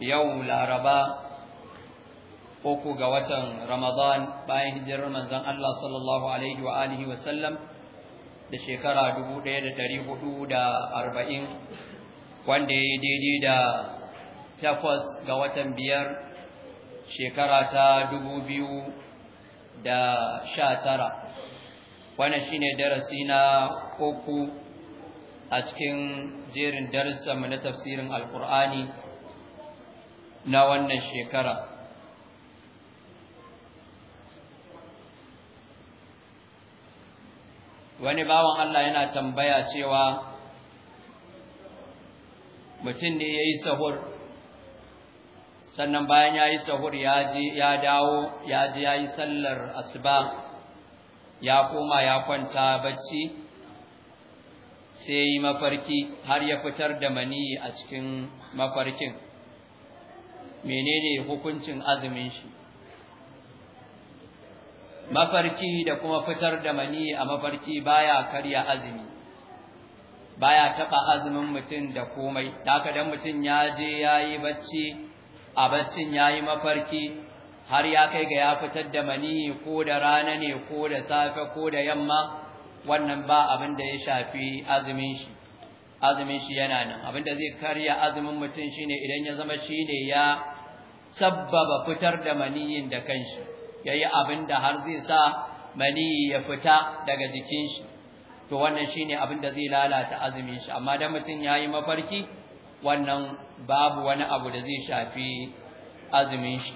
yau laraba uku ga watan ramadan bayan hijirar manzon Allah sallallahu alaihi wa alihi wa sallam da shekara 1440 wanda ya daidai da takwas ga watan biyar shekara ta 2019 wannan shine darasi na uku a cikin jerin darussanmu na tafsirin alkur'ani na wannan shekara wani bawan Allah yana tambaya cewa mutum ne ya yi sahur sannan bayan ya yi sahur ya dawo ya ji ya yi sallar asuba ya koma ya kwanta bacci sai yi mafarki har ya fitar da mani a cikin mafarkin menene hukuncin azumin shi mafarki da kuma fitar da mani a mafarki baya karya azumi baya taba azumin mutum da komai haka dan mutum ya je yayi bacci a baccin yayi mafarki har ya kai ga ya fitar da mani ko da rana ne ko da safe ko da yamma wannan ba abin da ya shafi azumin shi azumin shi yana nan abin da zai karya azumin mutum shine idan ya zama shine ya sabbaba fitar da maniyin da kanshi yayi abin da har zai sa maniyi ya fita daga jikin shi to wannan shine abin da zai lalata azumin shi amma dan mutun yayi mafarki wannan babu wani abu da zai shafi azumin shi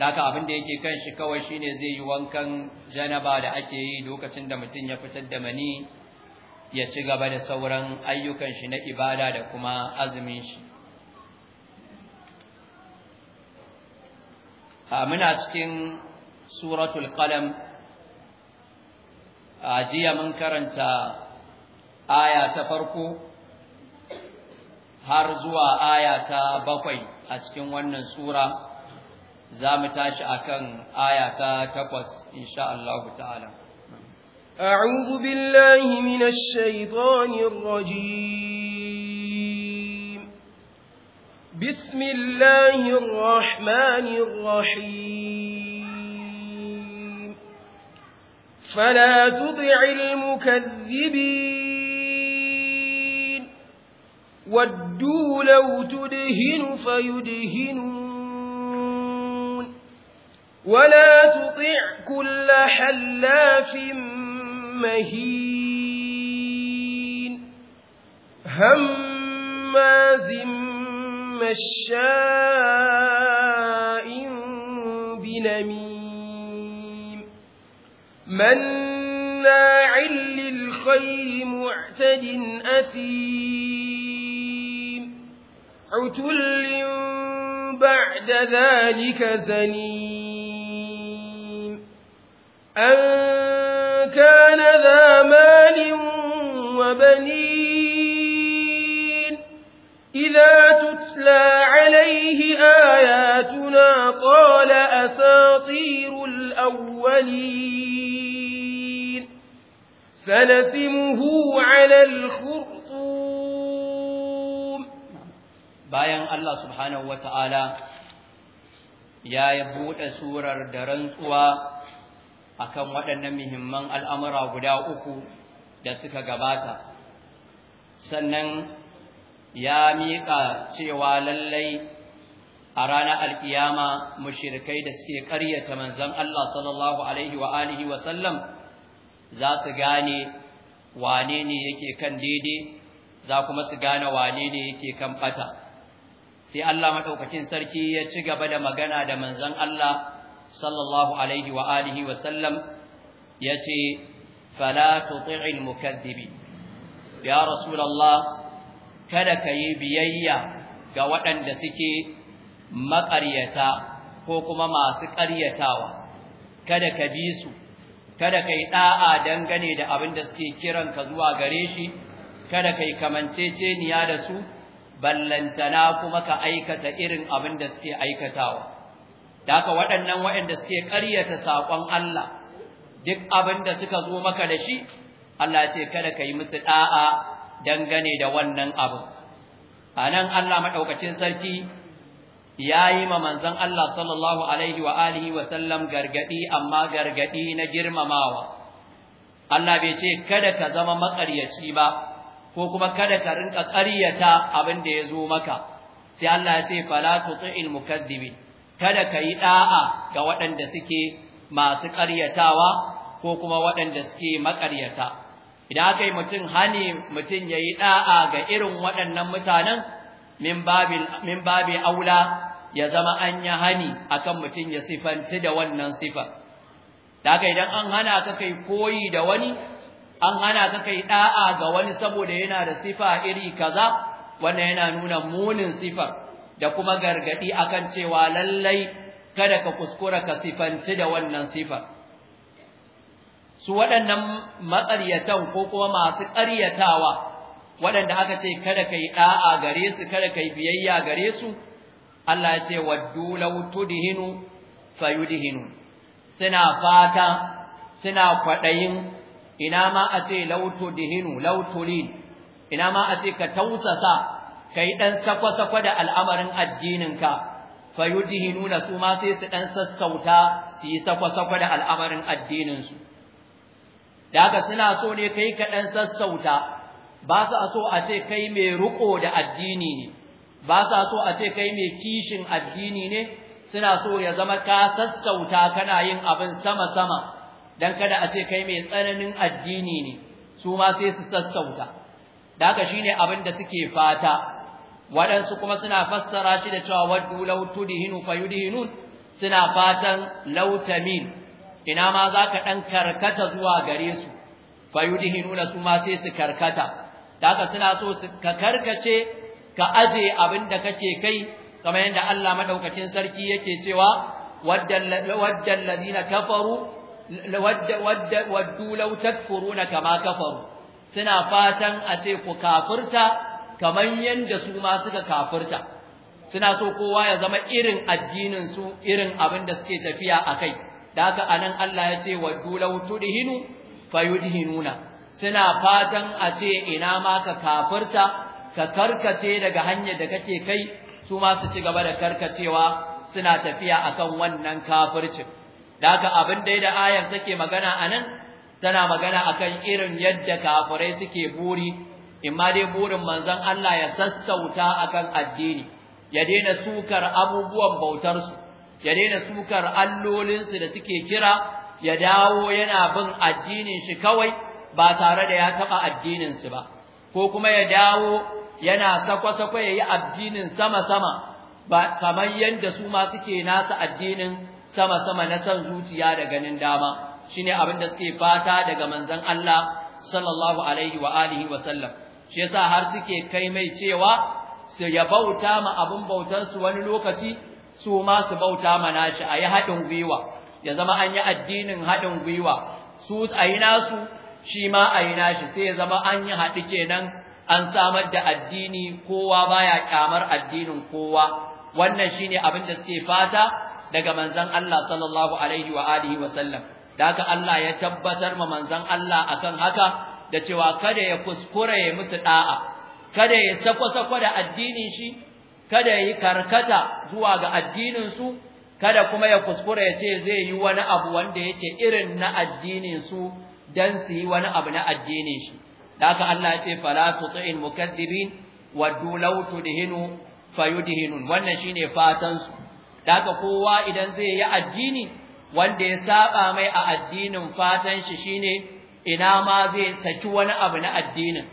Daka abin da yake kan shi kawai shine zai yi wankan janaba da ake yi lokacin da mutum ya fitar da mani ya ci gaba da sauran ayyukan shi na ibada da kuma azumin shi. Ah, muna cikin suratul qalam a ah, jiya mun karanta aya ta farko har zuwa aya ta bakwai a cikin wannan sura za mu tashi akan aya ta takwas insha Allah ta'ala أعوذ بالله من الشيطان الرجيم بسم الله الرحمن الرحيم فلا تطع المكذبين ودوا لو تدهن فيدهنون ولا تطع كل حلاف مهين هماز مهين مشاء بنميم مناع للخير معتد أثيم عتل بعد ذلك زنيم أن كان ذا مال وبنين إذا تتلى عليه آياتنا قال أساطير الأولين سنسمه على الخرطوم bayan Allah subhanahu wata'ala ya ya buɗe surar da rantsuwa akan waɗannan muhimman al'amura guda uku da suka gabata sannan ya miƙa cewa lallai a ranar alkiyama mushirikai da suke ƙaryata manzan Allah sallallahu alaihi wa alihi wa za su gane wane ne yake kan daidai za kuma su gane wane ne yake kan bata sai Allah maɗaukakin sarki ya ci gaba da magana da manzan Allah sallallahu alaihi wa alihi wa sallam yace fala tuti'il mukaththibi ya rasulullah kada ka yi biyayya ga waɗanda suke maƙaryata ko kuma masu ƙaryatawa kada ka bi su kada ka yi ɗa'a dangane da abin da suke kiran ka zuwa gare shi kada ka yi kamanceceniya da su ballantana kuma ka aikata irin abin da suke aikatawa da haka waɗannan waɗanda suke ƙaryata saƙon Allah duk abin da suka zo maka da shi Allah ce kada ka yi musu ɗa'a dangane da wannan abu anan Allah maɗaukacin sarki yayi ma manzon Allah sallallahu alaihi wa alihi wa sallam gargadi amma gargaɗi na girmamawa Allah bai ce kada ka zama maƙaryaci ba ko kuma kada ka rinka ƙaryata abin da ya zo maka sai Allah ya ce fala tuti'il mukaddibi kada ka yi da'a ga waɗanda suke masu ƙaryatawa ko kuma waɗanda suke maƙaryata idan aka yi mutum hani mutum ya yi ɗa'a ga irin waɗannan mutanen min babi aula ya zama an yi hani akan mutum ya sifanti da wannan sifa da aka idan an hana ka kai koyi da wani an hana ka kai ɗa'a ga wani saboda yana da sifa iri kaza wannan yana nuna munin sifar da kuma gargaɗi akan cewa lallai kada ka kuskura ka sifanti da wannan sifar su waɗannan matsaryatan ko kuma masu ƙaryatawa waɗanda aka ce kada ka yi ɗa'a gare su kada ka yi biyayya gare su Allah ya ce waddu law da fayudhinu suna fata suna kwaɗayin ina ma a ce da tudhinu lautu ina ma a ce ka tausasa yi dan sakwa-sakwa da al'amarin addininka na su ma sai su ɗan sassauta su yi sakwa-sakwa da al'amarin addininsu da haka suna so ne kai kaɗan sassauta ba su so a ce kai mai ruko da addini ne ba sa so a ce kai mai kishin addini ne suna so ya zama ka sassauta kana yin abin sama sama dan kada a ce kai mai tsananin addini ne su ma sai su sassauta da haka shine abin da suke fata waɗansu kuma suna fassara shi da cewa waddu dihinu tudhinu suna fatan lautamin ina ma za ka ɗan karkata zuwa gare su fayudihi nuna su ma sai su karkata daga suna so ka karkace ka aje abin da kake kai kamar yadda Allah maɗaukacin sarki yake cewa waddal na kafaru waddu law takfuruna kama kafaru suna fatan a ce ku kafirta kamar yadda su ma suka kafirta suna so kowa ya zama irin addinin su irin abin da suke tafiya a kai. da anan Allah ya ce waddu law tudhinu fayudhinuna suna fatan a ce ina ma ka kafirta ka karkace daga hanyar da kake kai su ma su ci gaba da karkacewa suna tafiya akan wannan kafircin da abin da ayar take magana anan tana magana akan irin yadda kafirai suke buri imma dai burin manzon Allah ya sassauta akan addini ya daina sukar abubuwan bautarsu ya daina sukar allolinsu da suke kira ya dawo yana bin addinin shi kawai ba tare da ya taɓa addininsu ba ko kuma ya dawo yana sakwa yayi addinin sama-sama ba kamar yadda su ma suke nasa addinin sama-sama na san zuciya da ganin dama shine abin da suke fata daga manzon Allah sallallahu alaihi wa alihi wa sallam shi yasa har suke kai mai cewa su ya bauta ma abin bautar su wani lokaci su ma su bauta mana shi a yi haɗin gwiwa ya zama an yi addinin haɗin gwiwa su a yi nasu shi ma a yi nashi sai ya zama an yi haɗi kenan an samar da addini kowa baya kyamar addinin kowa wannan shine abin da suke fata daga manzon Allah sallallahu alaihi wa alihi wa da haka Allah ya tabbatar ma manzan Allah akan haka da cewa kada ya kuskure ya musu ɗa'a? kada ya sako-sako da addinin shi kada yi karkata zuwa ga addininsu, kada kuma ya kuskure ya ce zai yi wani abu wanda yake irin na addinin su dan su yi wani abu na addinin shi aka Allah ya ce fala tuti'il mukaththibin waddu law tudhinu fayudihinu wannan shine fatan su aka kowa idan zai yi addini wanda ya saba mai a addinin fatan shi shine ina ma zai saki wani abu na addinin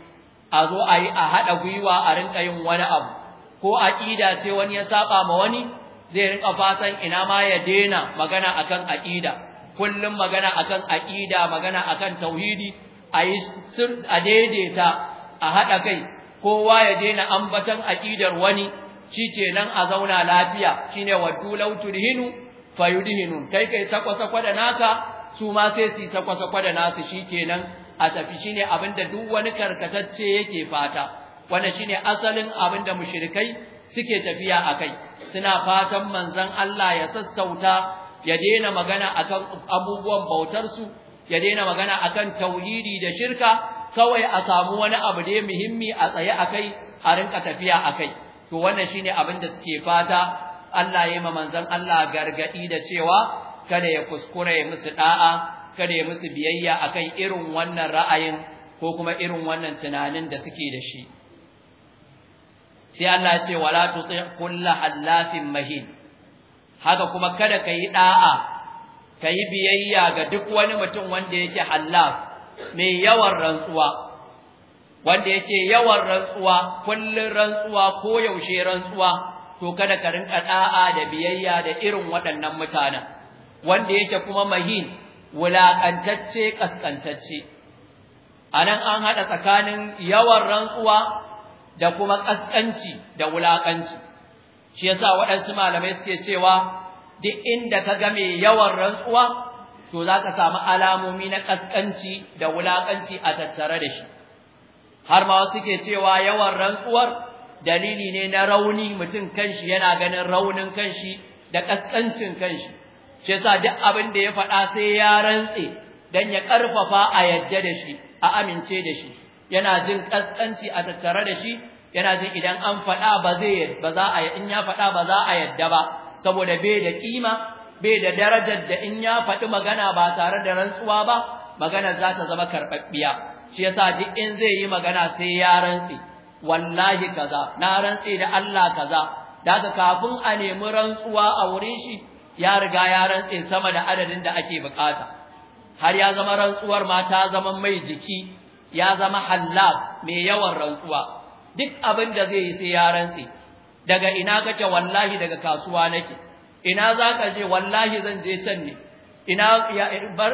a zo a yi a haɗa gwiwa a rinka yin wani abu ko aqida sai wani ya saba ma wani zai rinka fatan ina ma ya dena magana akan aqida kullum magana akan aqida magana akan tauhidi ayi sir a daidaita a hada kai kowa ya dena ambatan aqidar wani shikenan a zauna lafiya shine waddu law turhinu fayudhinun kai kai sakwa sakwa da naka su ma sai su sakwa sakwa da nasu shikenan a tafi shine abinda duk wani karkatacce yake fata wannan shine asalin abin da mushrikai suke tafiya akai suna fatan manzon Allah ya sassauta ya daina magana akan abubuwan bautar su ya daina magana akan tauhidi da shirka kawai a samu wani abu da muhimmi a tsaye akai a rinka tafiya akai to wannan shine abin da suke fata Allah ya yi ma manzon Allah gargadi da cewa kada ya kuskure ya musu da'a kada ya musu biyayya akan irin wannan ra'ayin ko kuma irin wannan tunanin da suke da shi sai Allah ya ce wala tuti kullu hallafin mahin haka kuma kada kai da'a kai biyayya ga duk wani mutum wanda yake hallaf mai yawan rantsuwa wanda yake yawan rantsuwa kullun rantsuwa ko yaushe rantsuwa to kada ka rinka da'a da biyayya da irin waɗannan mutanen wanda yake kuma mahin wulaƙantacce ƙasƙantacce a nan an haɗa tsakanin yawan rantsuwa da kuma ƙasƙanci da wulakanci shi yasa waɗansu malamai suke cewa duk inda ka ga mai yawan rantsuwa to za ka samu alamomi na ƙasƙanci da wulaƙanci a tattare da shi har ma wasu suke cewa yawan rantsuwar dalili ne na rauni mutum kanshi yana ganin raunin kanshi da ƙasƙancin kanshi shi yasa duk abin da ya faɗa sai ya rantse dan ya ƙarfafa a yadda da shi a amince da shi yana jin kaskanci a tattare da shi yana jin idan an faɗa ba zai ba za a in ya faɗa ba za a yadda ba saboda bai da kima bai da darajar da in ya faɗi magana ba tare da rantsuwa ba maganar za ta zama karɓaɓɓiya shi yasa duk in zai yi magana sai ya rantsi wallahi kaza na rantsi da Allah kaza daga kafin a nemi rantsuwa a wurin shi ya riga ya rantsi sama da adadin da ake bukata har ya zama rantsuwar ma ta zama mai jiki ya zama hallab mai yawan rantsuwa duk abin da zai yi sai ya rantse daga ina kake wallahi daga kasuwa nake ina ka je wallahi zan je can ne ina ya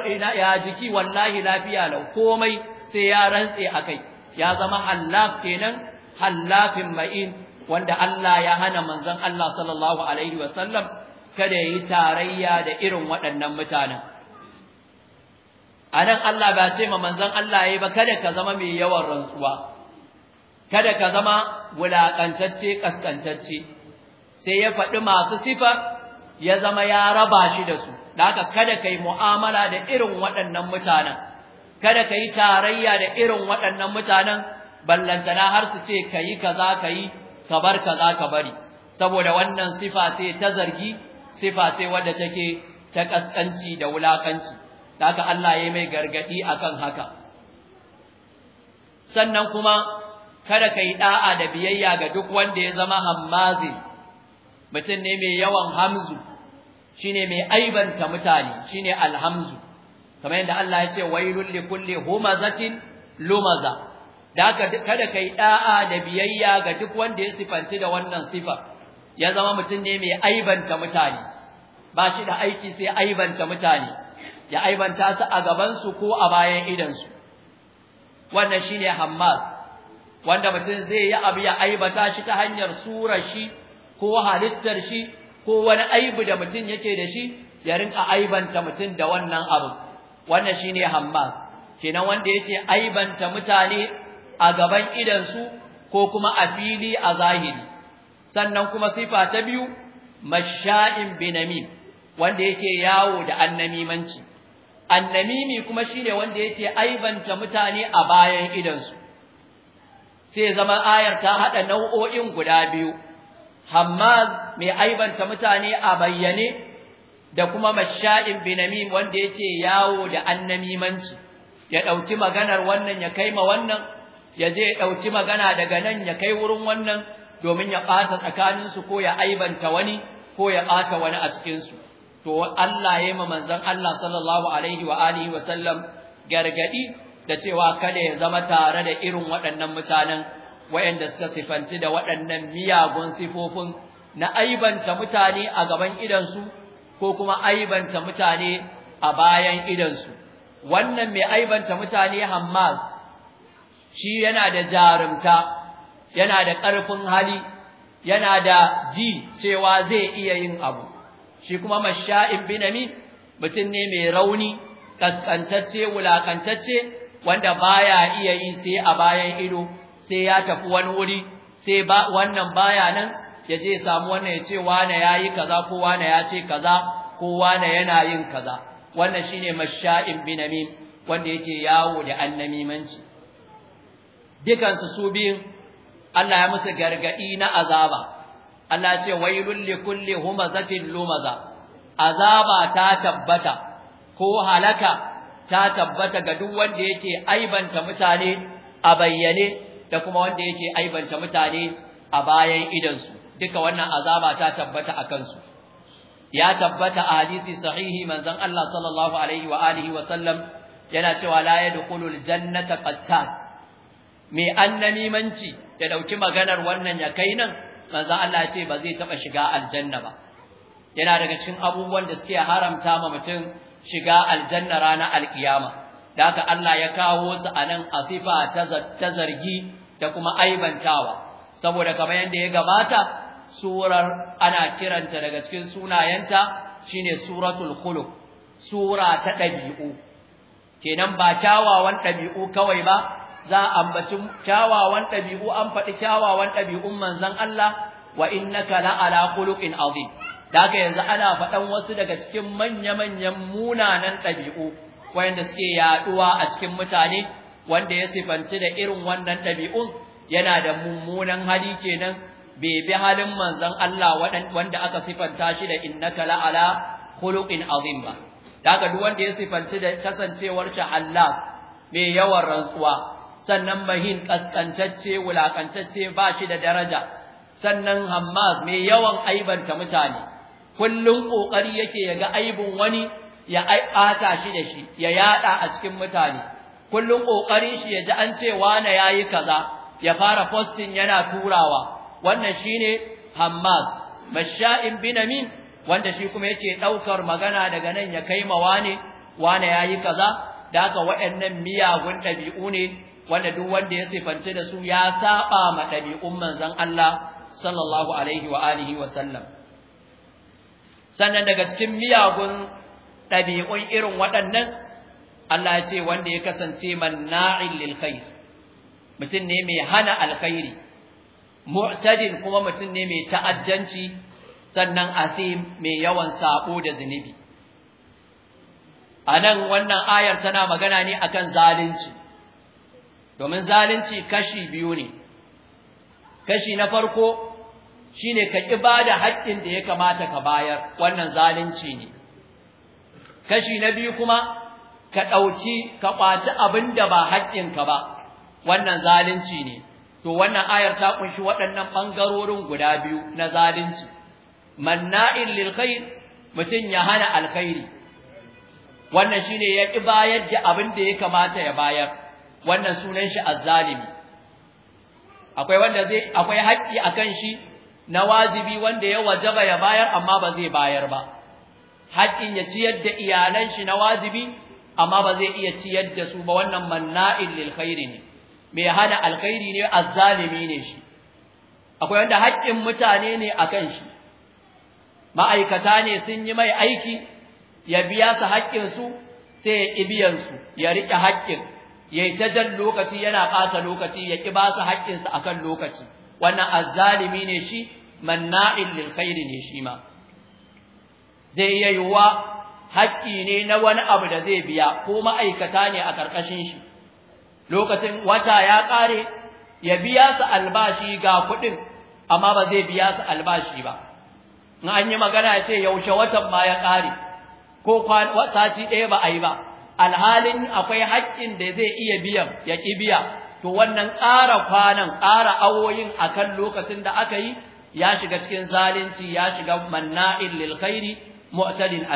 ina ya jiki wallahi lafiya lau komai sai ya rantse kai. ya zama hallaf kenan hallafin ma'in wanda Allah ya hana manzon Allah sallallahu alaihi wasallam kada yi tarayya da irin waɗannan mutanen anan Allah ba ce ma manzon Allah yayi ba kada ka zama mai yawan rantsuwa kada ka zama wulakantacce kaskantacce sai ya faɗi masu sifar ya zama ya raba shi da su da haka kada kai mu'amala da irin waɗannan mutanen kada kai tarayya da irin waɗannan mutanen ballantana har su ce kayi kaza kayi ka bar kaza ka bari saboda wannan sifa ce ta zargi sifa ce wadda take ta kaskanci da wulakanci da Allah ya mai gargaɗi akan haka sannan kuma kada ka yi ɗa'a da biyayya ga duk wanda ya zama hammazi mutum ne mai yawan hamzu shi ne mai aibanta mutane shi ne alhamzu kamar yadda Allah ya ce wailul kulle humazatin lumaza da haka kada yi ɗa'a da biyayya ga duk wanda ya sifanci da wannan sifa ya zama mutum ne mai aibanta mutane ba shi da aiki sai aibanta mutane ya aibanta su a gabansu ko a bayan idansu wannan shine hammas wanda mutum zai yi abu ya aibata shi ta hanyar surar shi ko halittar shi ko wani aibu da mutum yake da shi ya rinka aibanta mutum da wannan abu wannan shine hammas kenan wanda yace aibanta mutane a gaban idansu ko kuma a fili a zahiri sannan kuma sifa ta biyu masha'in binamin, wanda yake yawo da annamimanci annamimi kuma shine wanda yake aibanta mutane a bayan idansu sai zaman ayar ta hada nau'o'in guda biyu hammaz mai aibanta mutane a bayyane da kuma masha'in binamim wanda yake yawo da annamimanci ya dauki maganar wannan ya kaima wannan ya je ya dauki magana daga nan ya kai wurin wannan domin ya ɓata tsakaninsu ko ya aibanta wani ko ya ɓata wani a cikinsu to Allah ya ma manzon Allah sallallahu alaihi wa alihi wa sallam gargadi da cewa kada ya zama tare da irin waɗannan mutanen wayanda suka sifanci da waɗannan miyagun sifofin na aibanta mutane a gaban idansu ko kuma aibanta mutane a bayan idansu wannan mai aibanta mutane Hammal shi yana da jarumta yana da ƙarfin hali yana da ji cewa zai iya yin abu shi kuma masha'ib binami mutum ne mai rauni kaskantacce wulakantacce wanda baya iya yi sai a bayan ido sai ya tafi wani wuri sai ba wannan baya nan ya je samu wannan ya ce wane ya yi kaza ko wane ya ce kaza ko wane yana yin kaza wannan shine masha'in ami wanda yake yawo da annamimanci dukansu su biyun Allah ya musu gargadi na azaba Allah ce wailul likulli humazatin lumaza azaba ta tabbata ko halaka ta tabbata ga duk wanda yake aibanta mutane a bayyane da kuma wanda yake aibanta mutane a bayan su. duka wannan azaba ta tabbata a kansu ya tabbata a hadisi sahihi manzon Allah sallallahu alaihi wa alihi wa sallam yana cewa la yadkhulul jannata qattat me annamimanci ya dauki maganar wannan ya kai nan manzo Allah ya ce ba zai taba shiga aljanna ba yana daga cikin abubuwan da suke haramta ma mutum shiga aljanna ranar alkiyama da haka Allah ya kawo su anan asifa ta zargi da kuma aibantawa saboda kamar yanda ya gabata surar ana kiranta daga cikin sunayenta shine suratul khuluq sura ta dabi'u kenan ba kyawawan dabi'u kawai ba za a ambaci kyawawan ɗabi'u an faɗi kyawawan ɗabi'un manzon Allah wa innaka la ala khuluqin azim haka yanzu ana faɗan wasu daga cikin manya-manyan munanan ɗabi'u wanda suke yaɗuwa a cikin mutane wanda ya sifanci da irin wannan ɗabi'un yana da mummunan hali kenan bai bi halin manzon Allah wanda aka sifanta shi da innaka la ala khuluqin azim ba Da haka duk wanda ya sifanci da kasancewar shi Allah mai yawan rantsuwa sannan mahin kaskantacce wulakantacce ba shi da daraja sannan hammas mai yawan aibanta mutane kullum kokari yake ya ga aibin wani ya aibata shi da shi ya yada a cikin mutane kullum kokarin shi ya ji an ce wani yayi kaza ya fara posting yana turawa wannan shine hammas masha'in binamin wanda shi kuma yake daukar magana daga nan ya kai ma wani wani yayi kaza da haka waɗannan miyagun ɗabi'u ne wanda duk wanda ya sifanci da su ya saba ma ɗabi'un manzon Allah sallallahu alaihi wa alihi wa sallam sannan daga cikin miyagun ɗabi'un irin waɗannan Allah ya ce wanda ya kasance manna'il lil khair mutum ne mai hana alkhairi mu'tadin kuma mutum ne mai ta'addanci sannan asim mai yawan sako da zunubi anan wannan ayar tana magana ne akan zalunci domin zalunci kashi biyu ne kashi na farko shine ka ki bada haƙƙin da ya kamata ka bayar wannan zalunci ne kashi na biyu kuma ka ɗauki ka ƙwaci abin da ba haƙƙinka ba wannan zalunci ne to wannan ayar ta kunshi waɗannan ɓangarorin guda biyu na zalunci manna'in lil khair mutum ya hana alkhairi wannan shine ya ƙi bayar da abin da ya kamata ya bayar wannan sunan shi azzalimi akwai wanda zai akwai haƙƙi akan shi na wajibi wanda ya wajaba ya bayar amma ba zai bayar ba haƙƙin ya ciyar da iyalan shi na wajibi amma ba zai iya ciyar da su ba wannan manna'in lil khairi ne mai hana alkhairi ne azzalimi ne shi akwai wanda haƙƙin mutane ne akan shi ma'aikata ne sun yi mai aiki ya biya su haƙƙinsu, sai ya ibiyansu su ya riƙe haƙƙin yayi ta jan lokaci yana ƙata lokaci ya ki ba su haƙƙinsu akan lokaci wannan azzalimi ne shi manna'in lil khair ne shi ma zai yayuwa haƙƙi ne na wani abu da zai biya ko ma'aikata ne a ƙarƙashin shi lokacin wata ya ƙare ya biya su albashi ga kuɗin amma ba zai biya su albashi ba in an yi magana ya ce yaushe watan ma ya ƙare ko sati ɗaya ba a yi ba alhalin akwai haƙƙin da zai iya biyan ya ƙi biya to wannan ƙara kwanan ƙara awoyin akan lokacin da aka yi ya shiga cikin zalunci ya shiga manna'in lil khairi mu'tadin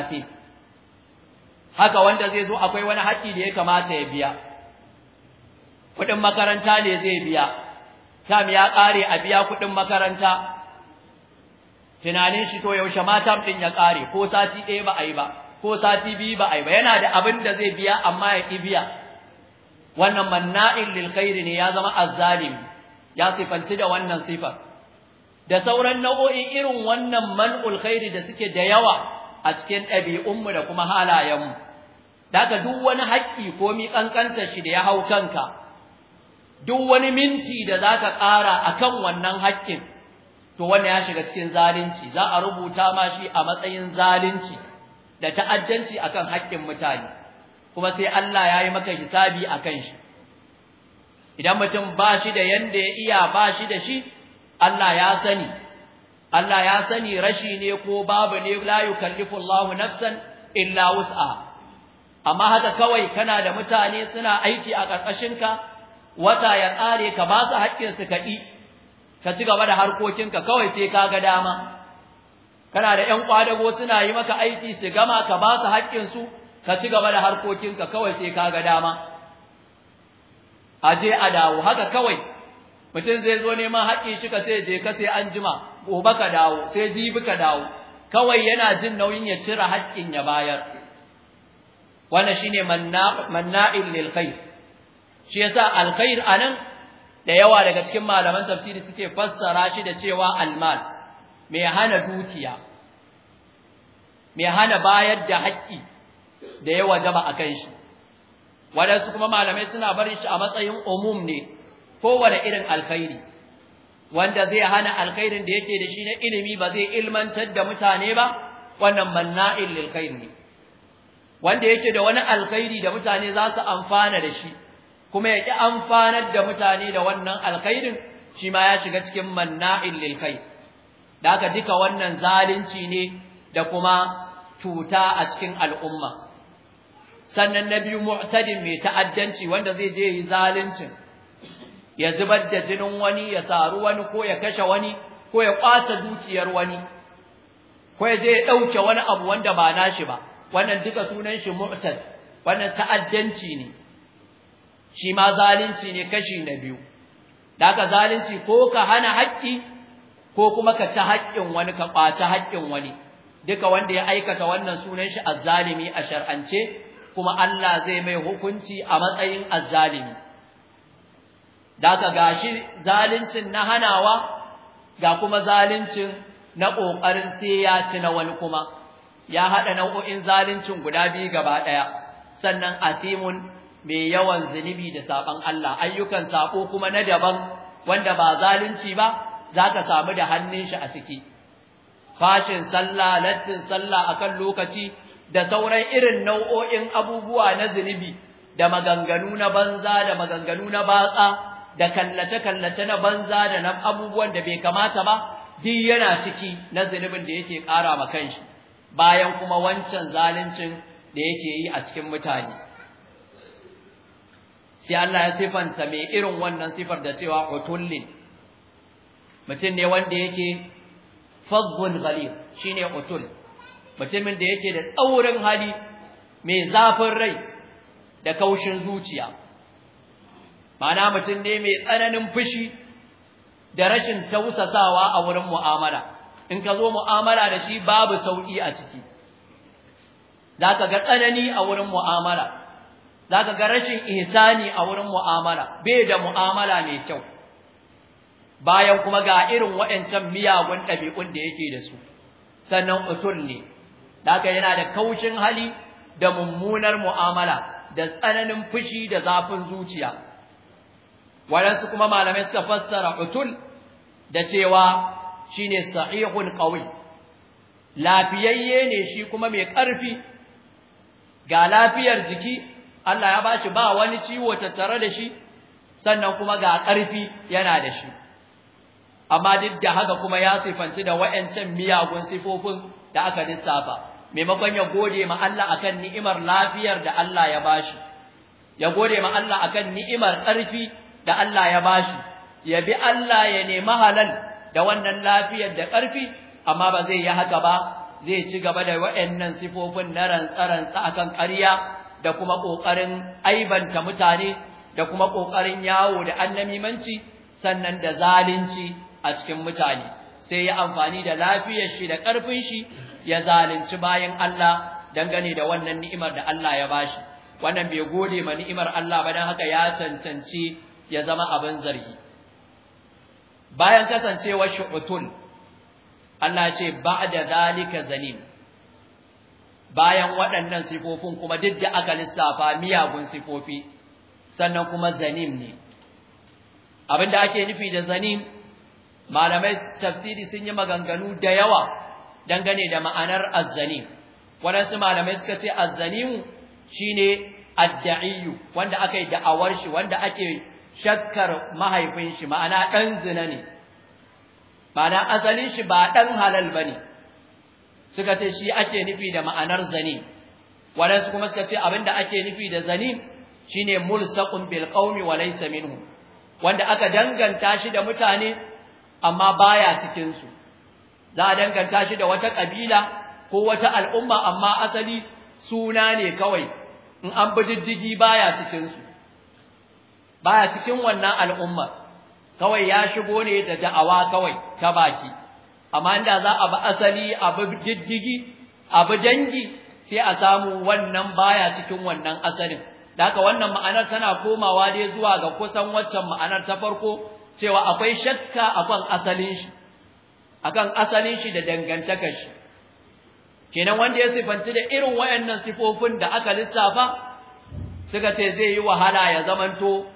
haka wanda zai zo akwai wani haƙƙi da ya kamata ya biya kuɗin makaranta ne zai biya tam ya ƙare a biya kuɗin makaranta tunanin shi to yaushe ma ɗin ya ƙare ko sati ɗaya ba a yi ba ko sati biyu ba ai ba yana da abin da zai biya amma ya ƙi biya wannan manna'in lil ne ya zama azzalim ya sifanci da wannan sifar da sauran nau'o'in irin wannan man'ul khairi da suke da yawa a cikin ɗabi'unmu da kuma halayenmu daga duk wani haƙƙi ko mi kankanta shi da ya hau kanka duk wani minti da zaka ƙara akan wannan haƙƙin to wannan ya shiga cikin zalunci za a rubuta ma shi a matsayin zalunci da ta'addanci akan haƙƙin mutane kuma sai Allah ya yi maka hisabi akan shi idan mutum ba shi da yanda ya iya ba shi da shi Allah ya sani Allah ya sani rashi ne ko babu ne la yukallifu Allahu nafsan illa wus'a amma haka kawai kana da mutane suna aiki a ƙarƙashinka wata ya tsare ka ba su haƙƙinsu ka ci gaba da harkokinka kawai sai ka ga dama kana da ƴan ƙwadago suna yi maka aiki su gama ka ba su haƙƙin su ka ci gaba da harkokinka kawai sai ka ga dama a je a dawo haka kawai mutum zai zo neman haƙƙi shi ka sai je ka sai an jima gobe ka dawo sai jibi ka dawo kawai yana jin nauyin ya cire haƙƙin ya bayar wannan shine manna'il lil khair shi yasa alkhair anan da yawa daga cikin malaman tafsiri suke fassara shi da cewa almal mai hana dukiya mai hana bayar da haƙƙi da yawa wajaba a kan shi waɗansu kuma malamai suna barin shi a matsayin umum ne kowane irin alkhairi wanda zai hana alkhairin da yake da shi na ilimi ba zai ilmantar da mutane ba wannan manna'il lil ne wanda yake da wani alkhairi da mutane za su amfana da shi kuma ya ƙi amfanar da mutane da wannan alkhairin shi ma ya shiga cikin manna'il lil da aka duka wannan zalunci ne da kuma cuta a cikin al'umma sannan na biyu mu'tadin mai ta'addanci wanda zai je yi zaluncin ya zubar da jinin wani ya saru wani ko ya kashe wani ko ya kwasa zuciyar wani ko ya je ya dauke wani abu wanda ba nashi ba wannan duka sunan shi mu'tad wannan ta'addanci ne shi ma zalunci ne kashi na biyu da aka zalunci ko ka hana haƙƙi ko kuma ka ci haƙƙin wani ka ƙwaci haƙƙin wani duka wanda ya aikata wannan sunan shi azzalimi a shar'ance kuma Allah zai mai hukunci a matsayin azzalimi daga gashi zaluncin na hanawa ga kuma zaluncin na ƙoƙarin sai ya ci na wani kuma ya haɗa nau'o'in zaluncin guda biyu gaba ɗaya sannan asimun mai yawan zunubi da saɓan Allah ayyukan sako kuma na daban wanda ba zalunci ba za ta samu da hannun shi a ciki fashin sallah lattin sallah akan lokaci da sauran irin nau'o'in abubuwa na zunubi da maganganu na banza da maganganu na batsa da kallace-kallace na banza da na abubuwan da bai kamata ba duk yana ciki na zunubin da yake ƙara ma kanshi bayan kuma wancan zaluncin da yake yi a cikin mutane sai Allah ya sifanta mai irin wannan sifar da cewa utullin mutum ne wanda yake fazzun shi shine otul mutumin da yake da tsaurin hali mai zafin rai da kaushin zuciya mana mutum ne mai tsananin fushi da rashin tausasawa a wurin mu'amala in ka zo mu'amala da shi babu sauƙi a ciki za ka ga tsanani a wurin mu'amala za ka ga rashin ihsani a wurin mu'amala bai da mu'amala mai kyau bayan kuma ga irin waɗancan miyagun ɗabi'un da yake da su sannan utur ne aka yana da kaushin hali da mummunar mu'amala da tsananin fushi da zafin zuciya waɗansu kuma malamai suka fassara utul da cewa shi ne sahihun ƙawai lafiyayye ne shi kuma mai ƙarfi ga lafiyar jiki Allah ya bashi ba wani ciwo tattare da shi sannan kuma ga ƙarfi yana da shi amma duk da haka kuma ya sifanci da wa'ancan miyagun sifofin da aka lissafa maimakon ya gode ma Allah akan ni'imar lafiyar da Allah ya bashi ya gode ma Allah akan ni'imar ƙarfi da Allah ya bashi ya bi Allah ya nemi halal da wannan lafiyar da ƙarfi amma ba zai yi haka ba zai ci gaba da wa'annan sifofin na rantsa-rantsa akan ƙarya da kuma ƙoƙarin aibanta mutane da kuma ƙoƙarin yawo da annamimanci sannan da zalunci a cikin mutane sai ya amfani da lafiyar shi da ƙarfin shi ya zalunci bayan Allah dangane da wannan ni'imar da Allah ya bashi wannan bai gode ma ni'imar Allah ba dan haka ya cancanci ya zama abin zargi bayan kasancewar shu'utul Allah ce ba'da zalika zanin, bayan waɗannan sifofin kuma duk da aka lissafa miyagun sifofi sannan kuma zanim ne abinda ake nufi da zanim malamai tafsiri sun yi maganganu da yawa dangane da ma'anar azzanim waɗansu malamai suka ce azzanimu shine adda'iyu wanda aka yi da'awar shi wanda ake shakkar mahaifin shi ma'ana ɗan zina ne ma'ana azalin shi ba ɗan halal ba ne suka ce shi ake nufi da ma'anar zani waɗansu kuma suka ce abin da ake nufi da zani shine mulsaqun bil qaumi wa minhu wanda aka danganta shi da mutane amma baya cikin su za a danganta shi da wata kabila ko wata al'umma amma asali suna ne kawai in an bi diddigi baya cikin su baya cikin wannan al'umma kawai ya shigo ne da da'awa kawai ta baki amma inda za a bi asali a bi diddigi a bi dangi sai a samu wannan baya cikin wannan asalin da haka wannan ma'anar tana komawa dai zuwa ga kusan waccan ma'anar ta farko cewa akwai shakka akan asalin shi akan asalin shi da dangantakar shi kenan wanda ya sifanci da irin wayannan sifofin da aka lissafa suka ce zai yi wahala ya zamanto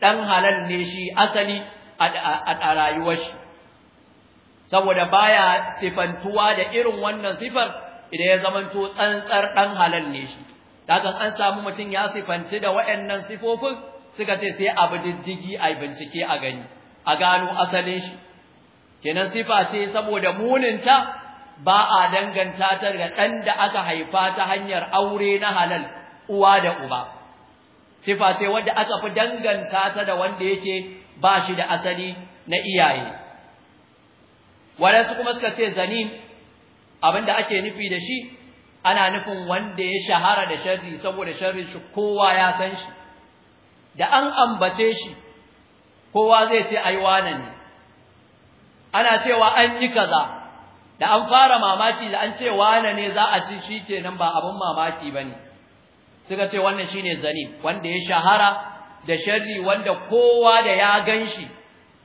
ɗan halal ne shi asali a rayuwar shi saboda baya sifantuwa da irin wannan sifar idan ya zamanto tsantsar ɗan halal ne shi an samu mutum ya sifanci da wayannan sifofin suka ce sai abu diddigi a bincike a gani a gano asalin shi kenan sifa ce saboda muninta ba a danganta ta ga ɗan da aka haifa ta hanyar aure na halal uwa da uba sifa ce wadda aka fi danganta ta da wanda yake ba shi da asali na iyaye waɗansu kuma suka ce zanin abinda ake nufi da shi ana nufin wanda ya shahara da sharri saboda sharrin shi kowa ya san shi da an ambace shi kowa zai ce ai wane ne ana cewa an yi kaza da an fara mamaki da an ce wane ne za a ci shikenan ba abun mamaki bane suka ce wannan shine zanib wanda ya shahara da sharri wanda kowa da ya ganshi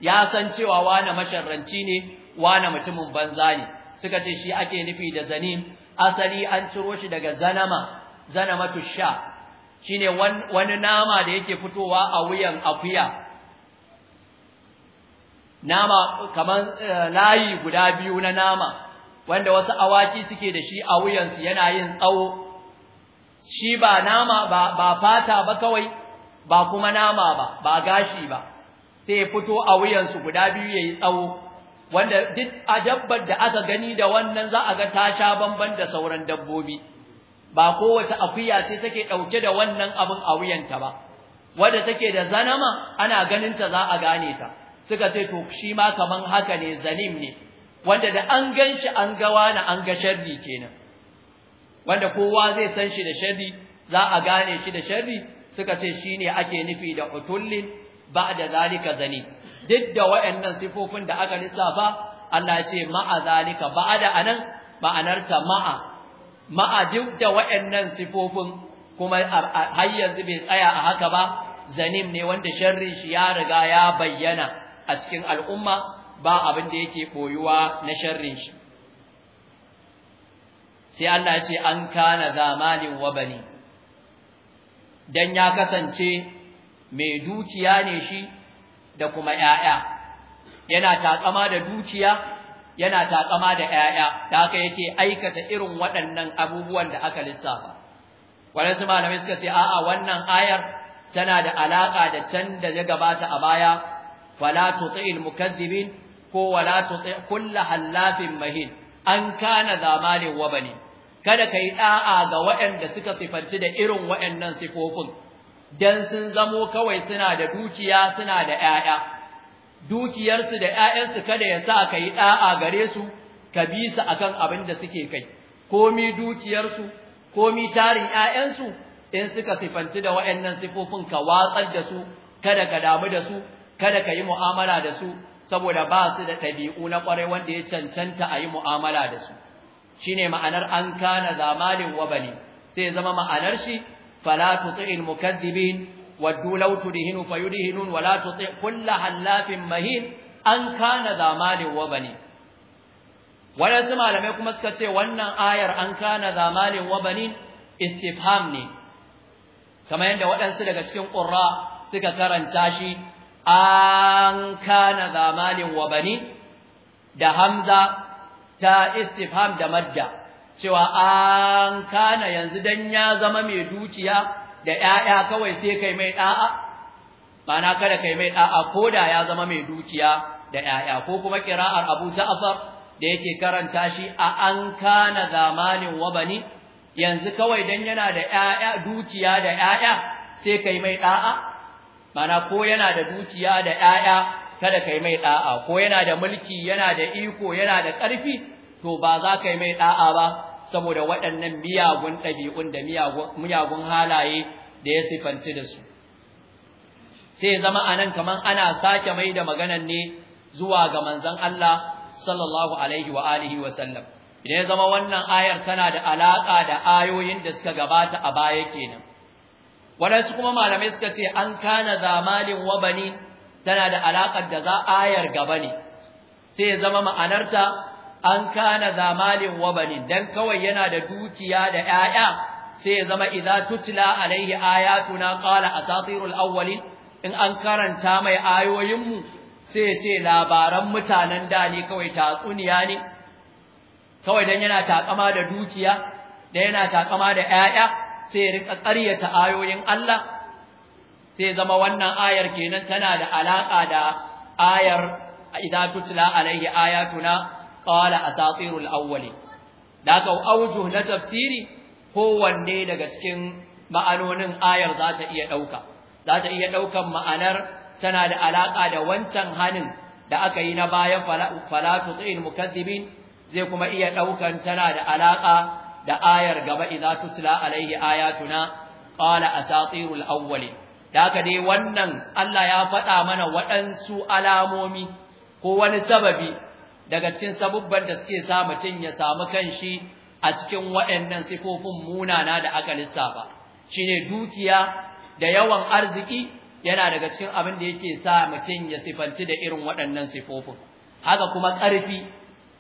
ya san cewa wane masharranci ne wane mutumin banza ne suka ce shi ake nufi da zanim asali an ciro shi daga zanama zanamatu sha shine wani nama da yake fitowa a wuyan akuya nama kaman eh, layi guda biyu na nama wanda wasu awaki suke da shi a wuyansu yana yin tsawo shi ba nama ba ba fata ba kawai ba kuma nama ba ba gashi ba sai fito a wuyansu guda biyu yayi tsawo wanda duk a dabbar da aka gani da wannan za a ga ta sha bamban da sauran dabbobi ba kowace akuya sai take ɗauke da wannan abin a wuyanta ba wanda take da zanama ana ganin ta za a gane ta suka ce to shi ma kaman haka ne zalim ne wanda da an gan shi an ga wani an ga sharri kenan wanda kowa zai san shi da sharri za a gane shi da sharri suka ce shine ake nufi da utullin ba'da zalika zani. duk da wayannan sifofin da aka lissafa Allah ya ce ma'a zalika ba'da anan ma'anarta ma'a ma'a duk da wayannan sifofin kuma har yanzu bai tsaya a haka ba zanim ne wanda sharrin shi ya riga ya bayyana a cikin al'umma ba abin da yake boyuwa na sharrin shi sai Allah ya ce an kana zamanin wa bani dan ya kasance mai dukiya ne shi da kuma 'ya'ya. yana takama da dukiya yana takama da ya'ya da haka yake aikata irin waɗannan abubuwan da aka lissafa waɗansu malamai suka ce a'a wannan ayar tana da alaƙa da can da ya gabata a baya فلا تطئ المكذبين ko wala تطئ كل hallafin مهين an kana ذا مال bani kada kai da'a ga waɗanda suka sifanci da irin waɗannan sifofin dan sun zamo kawai suna da dukiya suna da 'ya'ya. dukiyarsu da 'ya'yansu kada ya sa kai ɗa'a gare su ka bi su akan abin da suke kai komi dukiyarsu komi tarin 'ya'yansu in suka sifanci da waɗannan sifofin ka watsar da su kada ka damu da su kada ka yi mu'amala da su saboda ba su da ɗabi'u na ƙwarai wanda ya cancanta a yi mu'amala da su shine ma'anar an kana zamalin wabani sai zama ma'anar shi Falatu tuti'il mukaddibin waddu Dihinu tudhinu fayudhinun wala tuti' kullu hallafin mahin an kana zamalin wabani waɗansu malamai kuma suka ce wannan ayar an kana zamalin wabanin istifham ne kamar yadda waɗansu daga cikin ƙurra suka karanta shi an kana zamanin wa bani da hamza ta istifham da madda cewa an kana yanzu dan ya zama mai dukiya da 'ya'ya kawai sai kai mai da'a bana kada kai mai da'a koda ya zama mai dukiya da 'ya'ya ko kuma kira'ar Abu Ja'far da yake karanta shi a an kana zamanin wa bani yanzu kawai dan yana da 'ya'ya dukiya da 'ya'ya sai kai mai da'a mana ko yana da dukiya da ƴaƴa kada kai mai ɗa'a, ko yana da mulki yana da iko yana da ƙarfi to ba za ka yi mai ɗa'a ba saboda waɗannan miyagun ɗabi'un da miyagun halaye da ya sifanci da su sai zama anan kaman ana sake mai da maganan ne zuwa ga manzon Allah sallallahu alaihi wa alihi wa sallam idan ya zama wannan ayar tana da alaka da ayoyin da suka gabata a baya kenan waɗansu kuma malamai suka ce an kana zamalin wa tana da alaƙar da za ayar gaba ne sai ya zama ma'anarta an kana zamalin wa bani dan kawai yana da dukiya da 'ya'ya sai ya zama idza tutla alaihi ayatuna a asatirul awwalin in an karanta mai ayoyinmu sai ya ce labaran mutanen da ne kawai tatsuniya ne kawai dan yana takama da dukiya da yana takama da 'ya'ya sai ya rika ƙaryata ayoyin Allah sai zama wannan ayar kenan tana da alaƙa da ayar idza tutla alaihi ayatuna qala asatirul awwali da ka aujuh na tafsiri ko wanne daga cikin ma'anonin ayar za ta iya ɗauka za ta iya ɗaukan ma'anar tana da alaƙa da wancan hanin da aka yi na bayan falatu tsayin mukaddibin zai kuma iya ɗaukan tana da alaƙa da ayar gaba idza tutla alaihi ayatuna qala asatirul awwalin da haka dai wannan Allah ya faɗa mana waɗansu alamomi ko wani sababi daga cikin sabubban da suke sa mutum ya samu kanshi a cikin waɗannan sifofin munana da aka lissafa shine dukiya da yawan arziki yana daga cikin abin da yake sa mutum ya sifanci da irin waɗannan sifofin haka kuma ƙarfi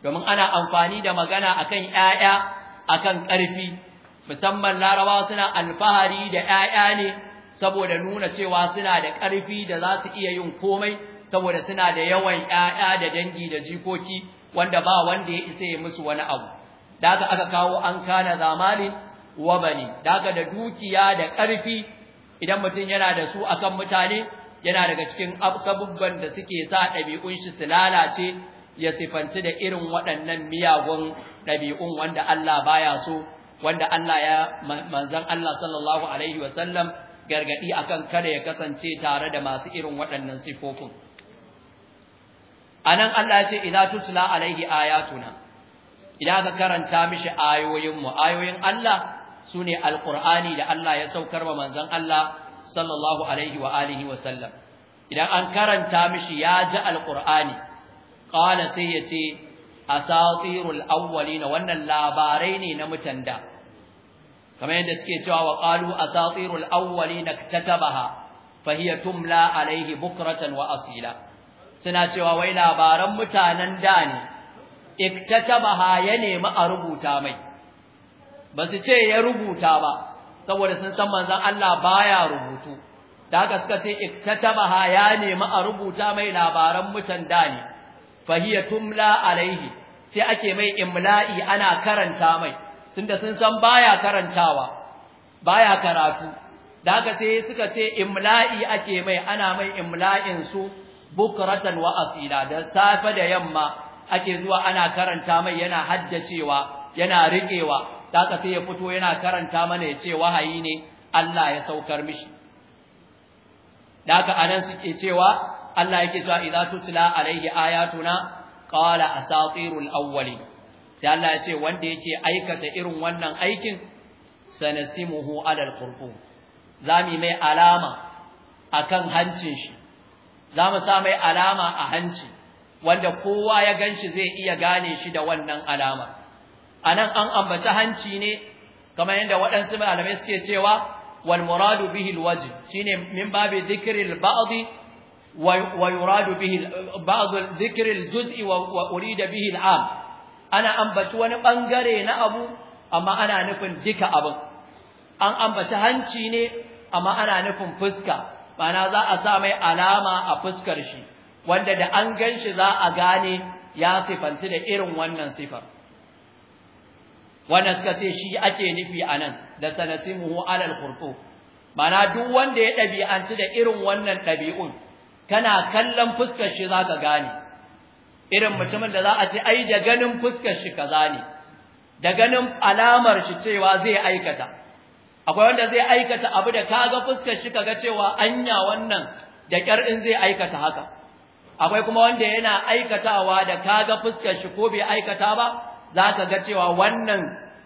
domin ana amfani da magana akan ƴaƴa. akan ƙarfi musamman larabawa suna alfahari da 'ya'ya ne saboda nuna cewa suna da ƙarfi da za su iya yin komai saboda suna da yawan 'ya'ya da dangi da jikoki wanda ba wanda ya isa ya musu wani abu daga aka kawo an kana zamani wa bani daga da dukiya da ƙarfi idan mutum yana da su akan mutane yana daga cikin sabubban da suke sa ɗabi'un shi su lalace ya sifanci da irin waɗannan miyagun ɗabi'un wanda Allah baya so wanda Allah ya manzan Allah sallallahu alaihi gargadi akan kada ya kasance tare da masu irin waɗannan sifofin anan Allah ya ce idza tutla alaihi ayatuna idan aka karanta mishi ayoyin mu ayoyin Allah sune alqur'ani da Allah ya saukar wa manzan Allah sallallahu alaihi wa alihi wa sallam idan an karanta mishi ya ji alqur'ani qala sai ya ce asatirul awwalina wannan labarai ne na mutanda kamar yadda suke cewa wa qalu asatirul awwalina katabaha fahiya tumla alaihi bukratan wa asila suna cewa wai labaran mutanen da ne iktatabaha ya nemi a rubuta mai ba su ce ya rubuta ba saboda sun san manzon Allah baya rubutu da haka suka ce iktatabaha ya nemi a rubuta mai labaran mutan da ne fahiya tumla alaihi sai ake mai imla'i ana karanta mai tunda sun san baya karantawa baya karatu da haka sai suka ce imla'i ake mai ana mai imla'in su bukratan wa asila da safe da yamma ake zuwa ana karanta mai yana haddacewa yana riƙewa da haka sai ya fito yana karanta mana ya ce wahayi ne Allah ya saukar mishi da haka anan suke cewa Allah yake zuwa idza tutla alaihi ayatuna qala asatirul awwali sai Allah ya ce wanda yake aikata irin wannan aikin sanasimuhu alal qurqum zami mai alama akan hancin shi zamu sa mai alama a hanci wanda kowa ya ganshi zai iya gane shi da wannan alama anan an ambaci hanci ne kamar yadda waɗansu malamai suke cewa wal muradu bihi alwajh shine min babi dhikril ba'd ويراد به بعض الذكر الجزء وأريد به العام أنا أنبت ونبنغري نأبو أما أنا نفن ذكى أبو أن أنبت هنشيني أما أنا نفن فسكا فأنا ذا أسامي علامة أفسكر شي وأن دا أنغنش ذا أغاني يا صفا سيدة إرم وانا صفا وانا سكتي شي أتي نفي أنا دا سنسمه على الخرطوم ma'ana دو wanda ya ɗabi'antu da irin wannan ɗabi'un kana kallon fuskar shi zaka gane irin mutumin da za a ce ai da ganin fuskar shi kaza ne da ganin alamar shi cewa zai aikata akwai wanda zai aikata abu da kaga fuskar shi kaga cewa anya wannan da kyar in zai aikata haka akwai kuma wanda yana aikatawa da kaga fuskar shi ko bai aikata ba zaka ga cewa wannan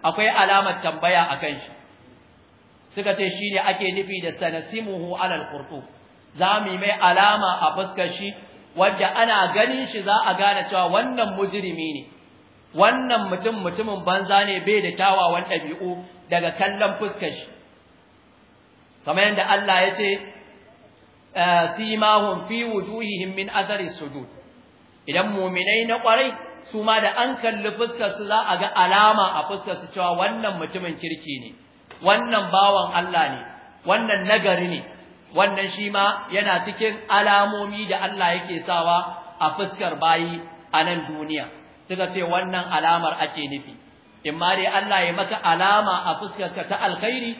akwai alamar tambaya akan shi suka ce shine ake nufi da sanasimuhu alal qurtub za mu yi mai alama a fuskar shi wadda ana ganin shi za a gane cewa wannan mujrimi ne wannan mutum mutumin banza ne bai da kyawawan ɗabi'u daga kallon fuskar shi kamar yadda Allah ya ce eh, simahum fi wujuhihim min athari sujud idan mu'minai na kwarai su ma da an kalli fuskar su za a ga alama a fuskar su cewa wannan mutumin kirki ne wannan bawan Allah ne wannan nagari ne wannan shi ma yana cikin alamomi da Allah yake sawa a fuskar bayi a nan duniya suka ce wannan alamar ake nufi in ma dai Allah ya maka alama a fuskarka ta alkhairi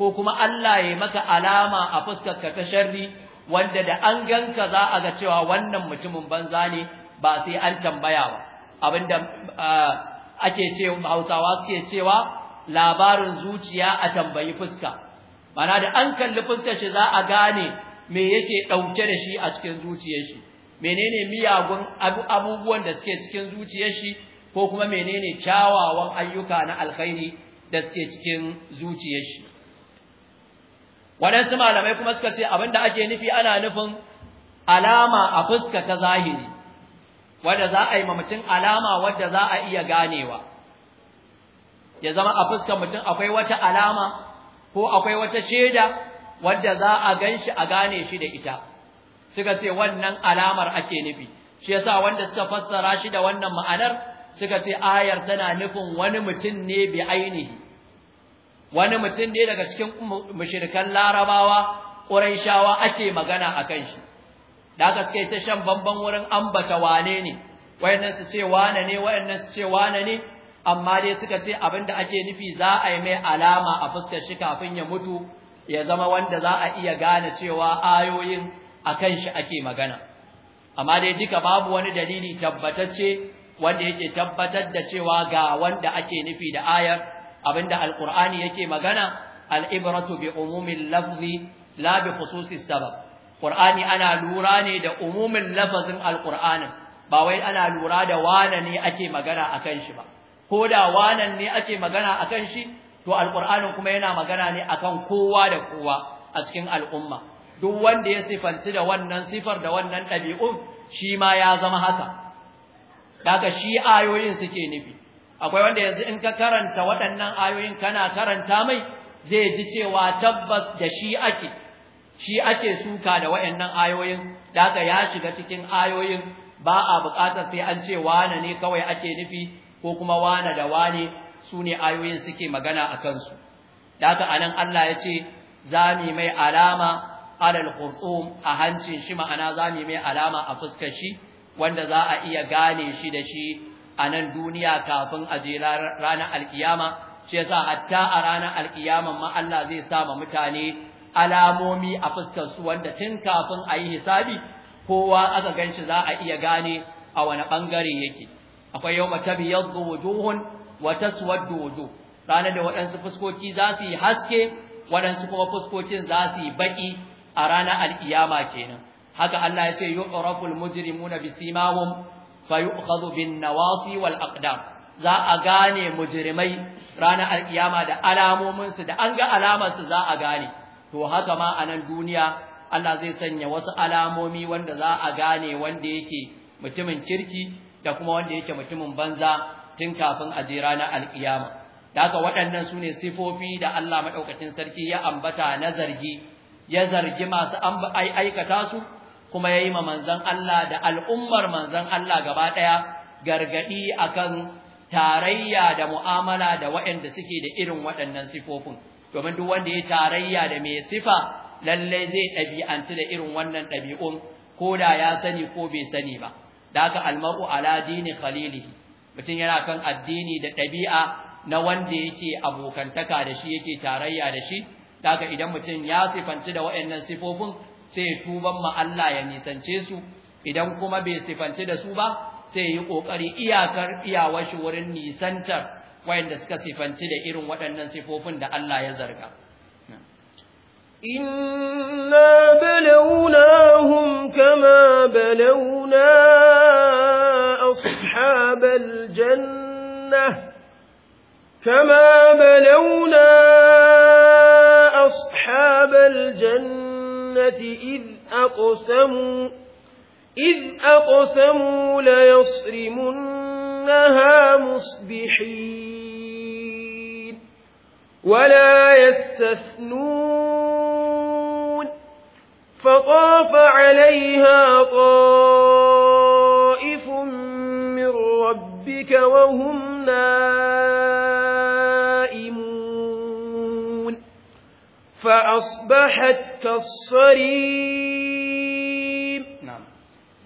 ko kuma Allah ya maka alama a fuskarka ta sharri wanda da an ganka za a ga cewa wannan mutumin banza ne ba sai an tambaya ba abinda ake ce Hausawa suke cewa labarin zuciya a tambayi fuska mana da an kalli fuskar shi za a gane me yake ɗauke da shi a cikin zuciyar shi menene miyagun abubuwan da suke cikin zuciyar shi ko kuma menene kyawawan ayyuka na alkhairi da suke cikin zuciyar shi waɗansu malamai kuma suka ce abin da ake nufi ana nufin alama a fuska ta zahiri wadda za a yi mutum alama wadda za a iya ganewa ya zama a fuskar mutum akwai wata alama ko akwai wata shaida wadda za a ganshi a gane shi da ita suka ce wannan alamar ake nufi shi yasa wanda suka fassara shi da wannan ma'anar suka ce ayar tana nufin wani mutum ne bi ainihi wani mutum ne daga cikin mushrikan larabawa ƙuraishawa ake magana akan shi da aka suke ta shan bamban wurin ambata wane ne wayannan su ce wane ne wayannan su ce wane ne amma dai suka ce abinda ake nufi za a yi mai alama a fuskar shi kafin ya mutu ya zama wanda za a iya gane cewa ayoyin akan shi ake magana amma dai duka babu wani dalili tabbatacce wanda yake tabbatar da cewa ga wanda ake nufi da ayar abinda alkur'ani yake magana al'ibratu bi umumin lafzi la bi khususis sabab qur'ani ana lura ne da umumin lafazin alkur'anin ba wai ana lura da wane ne ake magana akan shi ba ko da wanan ne ake magana akan shi to alqur'anin kuma yana magana ne akan kowa da kowa a cikin al'umma duk wanda ya sifanci da wannan sifar da wannan ɗabi'un shi ma ya zama haka daga shi ayoyin suke nufi akwai wanda yanzu in ka karanta waɗannan ayoyin kana karanta mai zai ji cewa tabbas da shi ake shi ake suka da waɗannan ayoyin daga ya shiga cikin ayoyin ba a buƙatar sai an ce wane ne kawai ake nufi ko kuma wane da wane su ne ayoyin suke magana a kansu da haka anan Allah ya ce za mu mai alama alal khurtum a hancin shi ma'ana za mu mai alama a fuskar shi wanda za a iya gane shi da shi a nan duniya kafin a je ranar alkiyama shi yasa hatta a ranar alkiyaman ma Allah zai sa ma mutane alamomi a fuskar su wanda tun kafin a yi hisabi kowa aka ganshi za a iya gane a wani bangare yake akwai yawma tabyaddu wujuhun wa taswaddu wujuh ranar da waɗansu fuskoki za su yi haske waɗansu kuma fuskokin za su yi baƙi a ranar al'iyama kenan haka Allah ya ce yu'raful mujrimuna bisimahum fayu'khadhu bin nawasi wal aqdam za a gane mujirimai ranar al'iyama da alamominsu da an ga alamarsu za a gane to haka ma a nan duniya Allah zai sanya wasu alamomi wanda za a gane wanda yake mutumin kirki da kuma wanda yake mutumin banza tun kafin a je ranar alkiyama daga waɗannan su ne sifofi da Allah maɗaukacin sarki ya ambata na zargi ya zargi masu aikata su kuma ya yi ma manzan Allah da al'ummar manzan Allah gaba ɗaya gargaɗi akan tarayya da mu'amala da waɗanda suke da irin waɗannan sifofin domin duk wanda ya tarayya da mai sifa lallai zai ɗabi'anci da irin wannan ɗabi'un ko da ya sani ko bai sani ba da almaru ala dini khalilihi mutum yana kan addini da ɗabi'a na wanda yake abokantaka da shi yake tarayya da shi da idan mutum ya sifanci da wayannan sifofin sai tuban ma Allah ya nisance su idan kuma bai sifanci da su ba sai yi kokari iyakar iyawar wurin nisantar wayanda suka sifanci da irin waɗannan sifofin da Allah ya zarga إنا بلوناهم كما بلونا أصحاب الجنة كما بلونا أصحاب الجنة إذ أقسموا إذ أقسموا ليصرمنها مصبحين ولا يستثنون فطاف عليها طائف من ربك وهم نائمون فأصبحت كالصريم نعم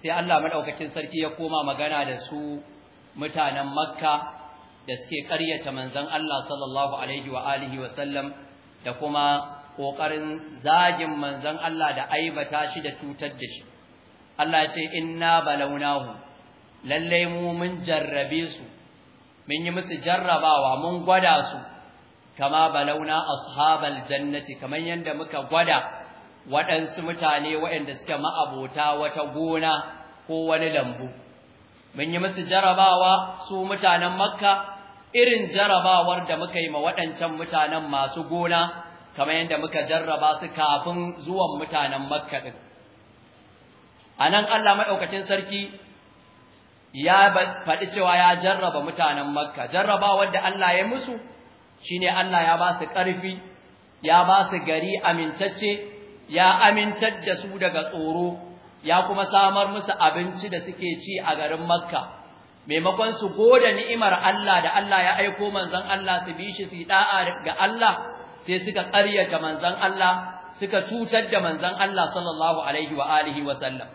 سي الله مدعوكتين كي يقوم مغانا لسو متانا مكة da قرية من manzon Allah صلى الله عليه وآله وسلم يقوم ƙoƙarin zagin manzon Allah da aibata shi da cutar da shi Allah ce inna balaunahu lallai mu mun jarrabe su mun yi musu jarrabawa mun gwada su kama balauna ashabal jannati kamar yadda muka gwada waɗansu mutane waɗanda suke ma'abota wata gona ko wani lambu mun yi musu jarrabawa su mutanen makka irin jarabawar da muka yi ma waɗancan mutanen masu gona kamar yadda muka jarraba su kafin zuwan mutanen makka din anan Allah madaukakin sarki ya faɗi cewa ya jarraba mutanen makka jarraba wanda Allah ya musu shine Allah ya ba su ƙarfi ya ba su gari amintacce ya amintar da su daga tsoro ya kuma samar musu abinci da suke ci a garin makka maimakon su goda ni'imar Allah da Allah ya aiko manzon Allah su bi shi su yi da'a ga Allah sai suka ƙaryata manzon Allah suka cutar da manzon Allah sallallahu alaihi wa alihi wa sallam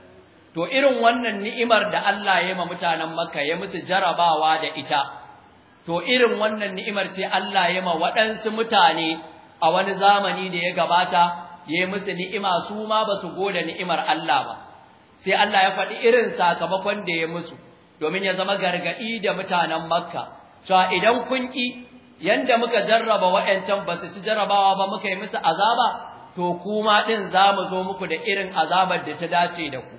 to irin wannan ni'imar da Allah ya ma mutanen Makka ya musu jarabawa da ita to irin wannan ni'imar ce Allah ya ma waɗansu mutane a wani zamani da ya gabata ya musu ni'ima su ma ba su gode ni'imar Allah ba sai Allah ya faɗi irin sakamakon da ya musu domin ya zama gargaɗi da mutanen Makka cewa idan kun ƙi yanda muka jarraba wa'ancan ba su ci jarrabawa ba muka yi musu azaba to kuma din za mu zo muku da irin azabar da ta dace da ku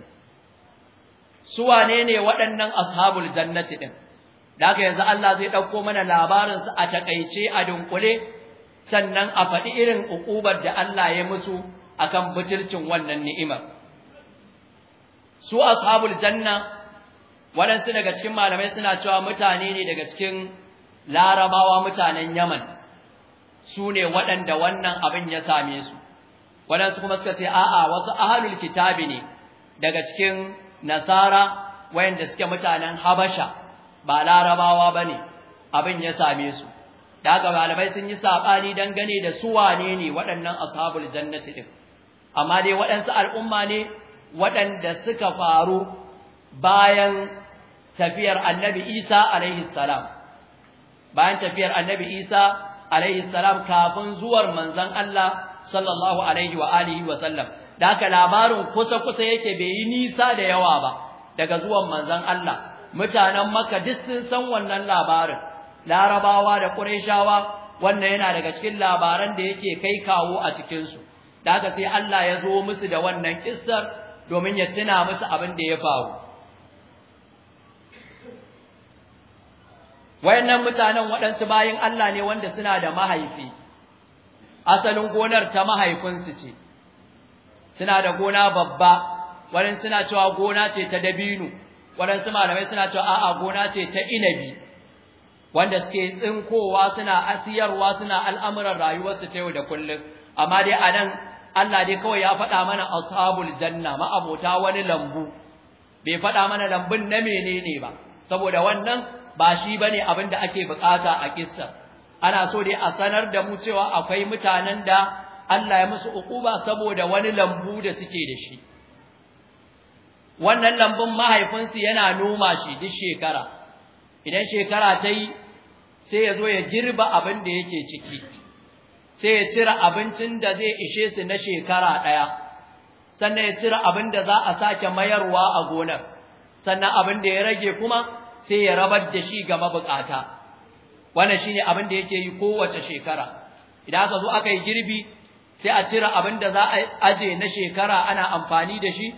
su wane ne waɗannan ashabul jannati din da haka yanzu Allah zai ɗauko mana labarin su a takaice a dunkule sannan a faɗi irin uƙubar da Allah ya musu akan butulcin wannan ni'imar su ashabul janna waɗansu daga cikin malamai suna cewa mutane ne daga cikin larabawa mutanen yaman su ne waɗanda wannan abin ya same su waɗansu kuma suka ce a'a wasu ahalul kitabi ne daga cikin nasara wayanda suke mutanen habasha ba larabawa ba ne abin ya same su da aka malamai sun yi saɓani dangane da su wane ne waɗannan ashabul jannati ɗin amma dai waɗansu al'umma ne waɗanda suka faru bayan tafiyar annabi isa alaihi salam bayan tafiyar annabi Isa alaihi salam kafin zuwar manzon Allah sallallahu alaihi wa alihi wa sallam da haka labarin kusa kusa yake bai yi nisa da yawa ba daga zuwan manzon Allah mutanen Makka duk sun san wannan labarin Larabawa da Qurayshawa wannan yana daga cikin labaran da yake kai kawo a cikinsu. da haka sai Allah ya zo musu da wannan kissar domin ya tuna musu abin da ya faru wayannan mutanen waɗansu bayin Allah ne wanda suna da mahaifi asalin gonar ta mahaifinsu ce suna da gona babba waɗansu suna cewa gona ce ta dabino waɗansu malamai suna cewa a'a gona ce ta inabi wanda suke tsinkowa suna asiyarwa suna al'amuran rayuwarsu ta yau da kullum amma dai a nan Allah dai kawai ya faɗa mana ashabul janna ma'abota wani lambu bai faɗa mana lambun na menene ba saboda wannan ba shi ba ne abin da ake bukata a kissa ana so dai a sanar da mu cewa akwai mutanen da Allah ya musu ukuba saboda wani lambu da suke da shi wannan lambun mahaifinsu yana noma shi duk shekara idan shekara ta yi sai ya zo ya girba abin da yake ciki sai ya cire abincin da zai ishe su na shekara ɗaya sannan ya cire abin da za a sake mayarwa a gonar sannan abin da ya rage kuma sai ya rabar da shi ga mabukata wannan shine abin da yake yi kowace shekara idan aka zo aka yi girbi sai a cire abin da za a aje na shekara ana amfani da shi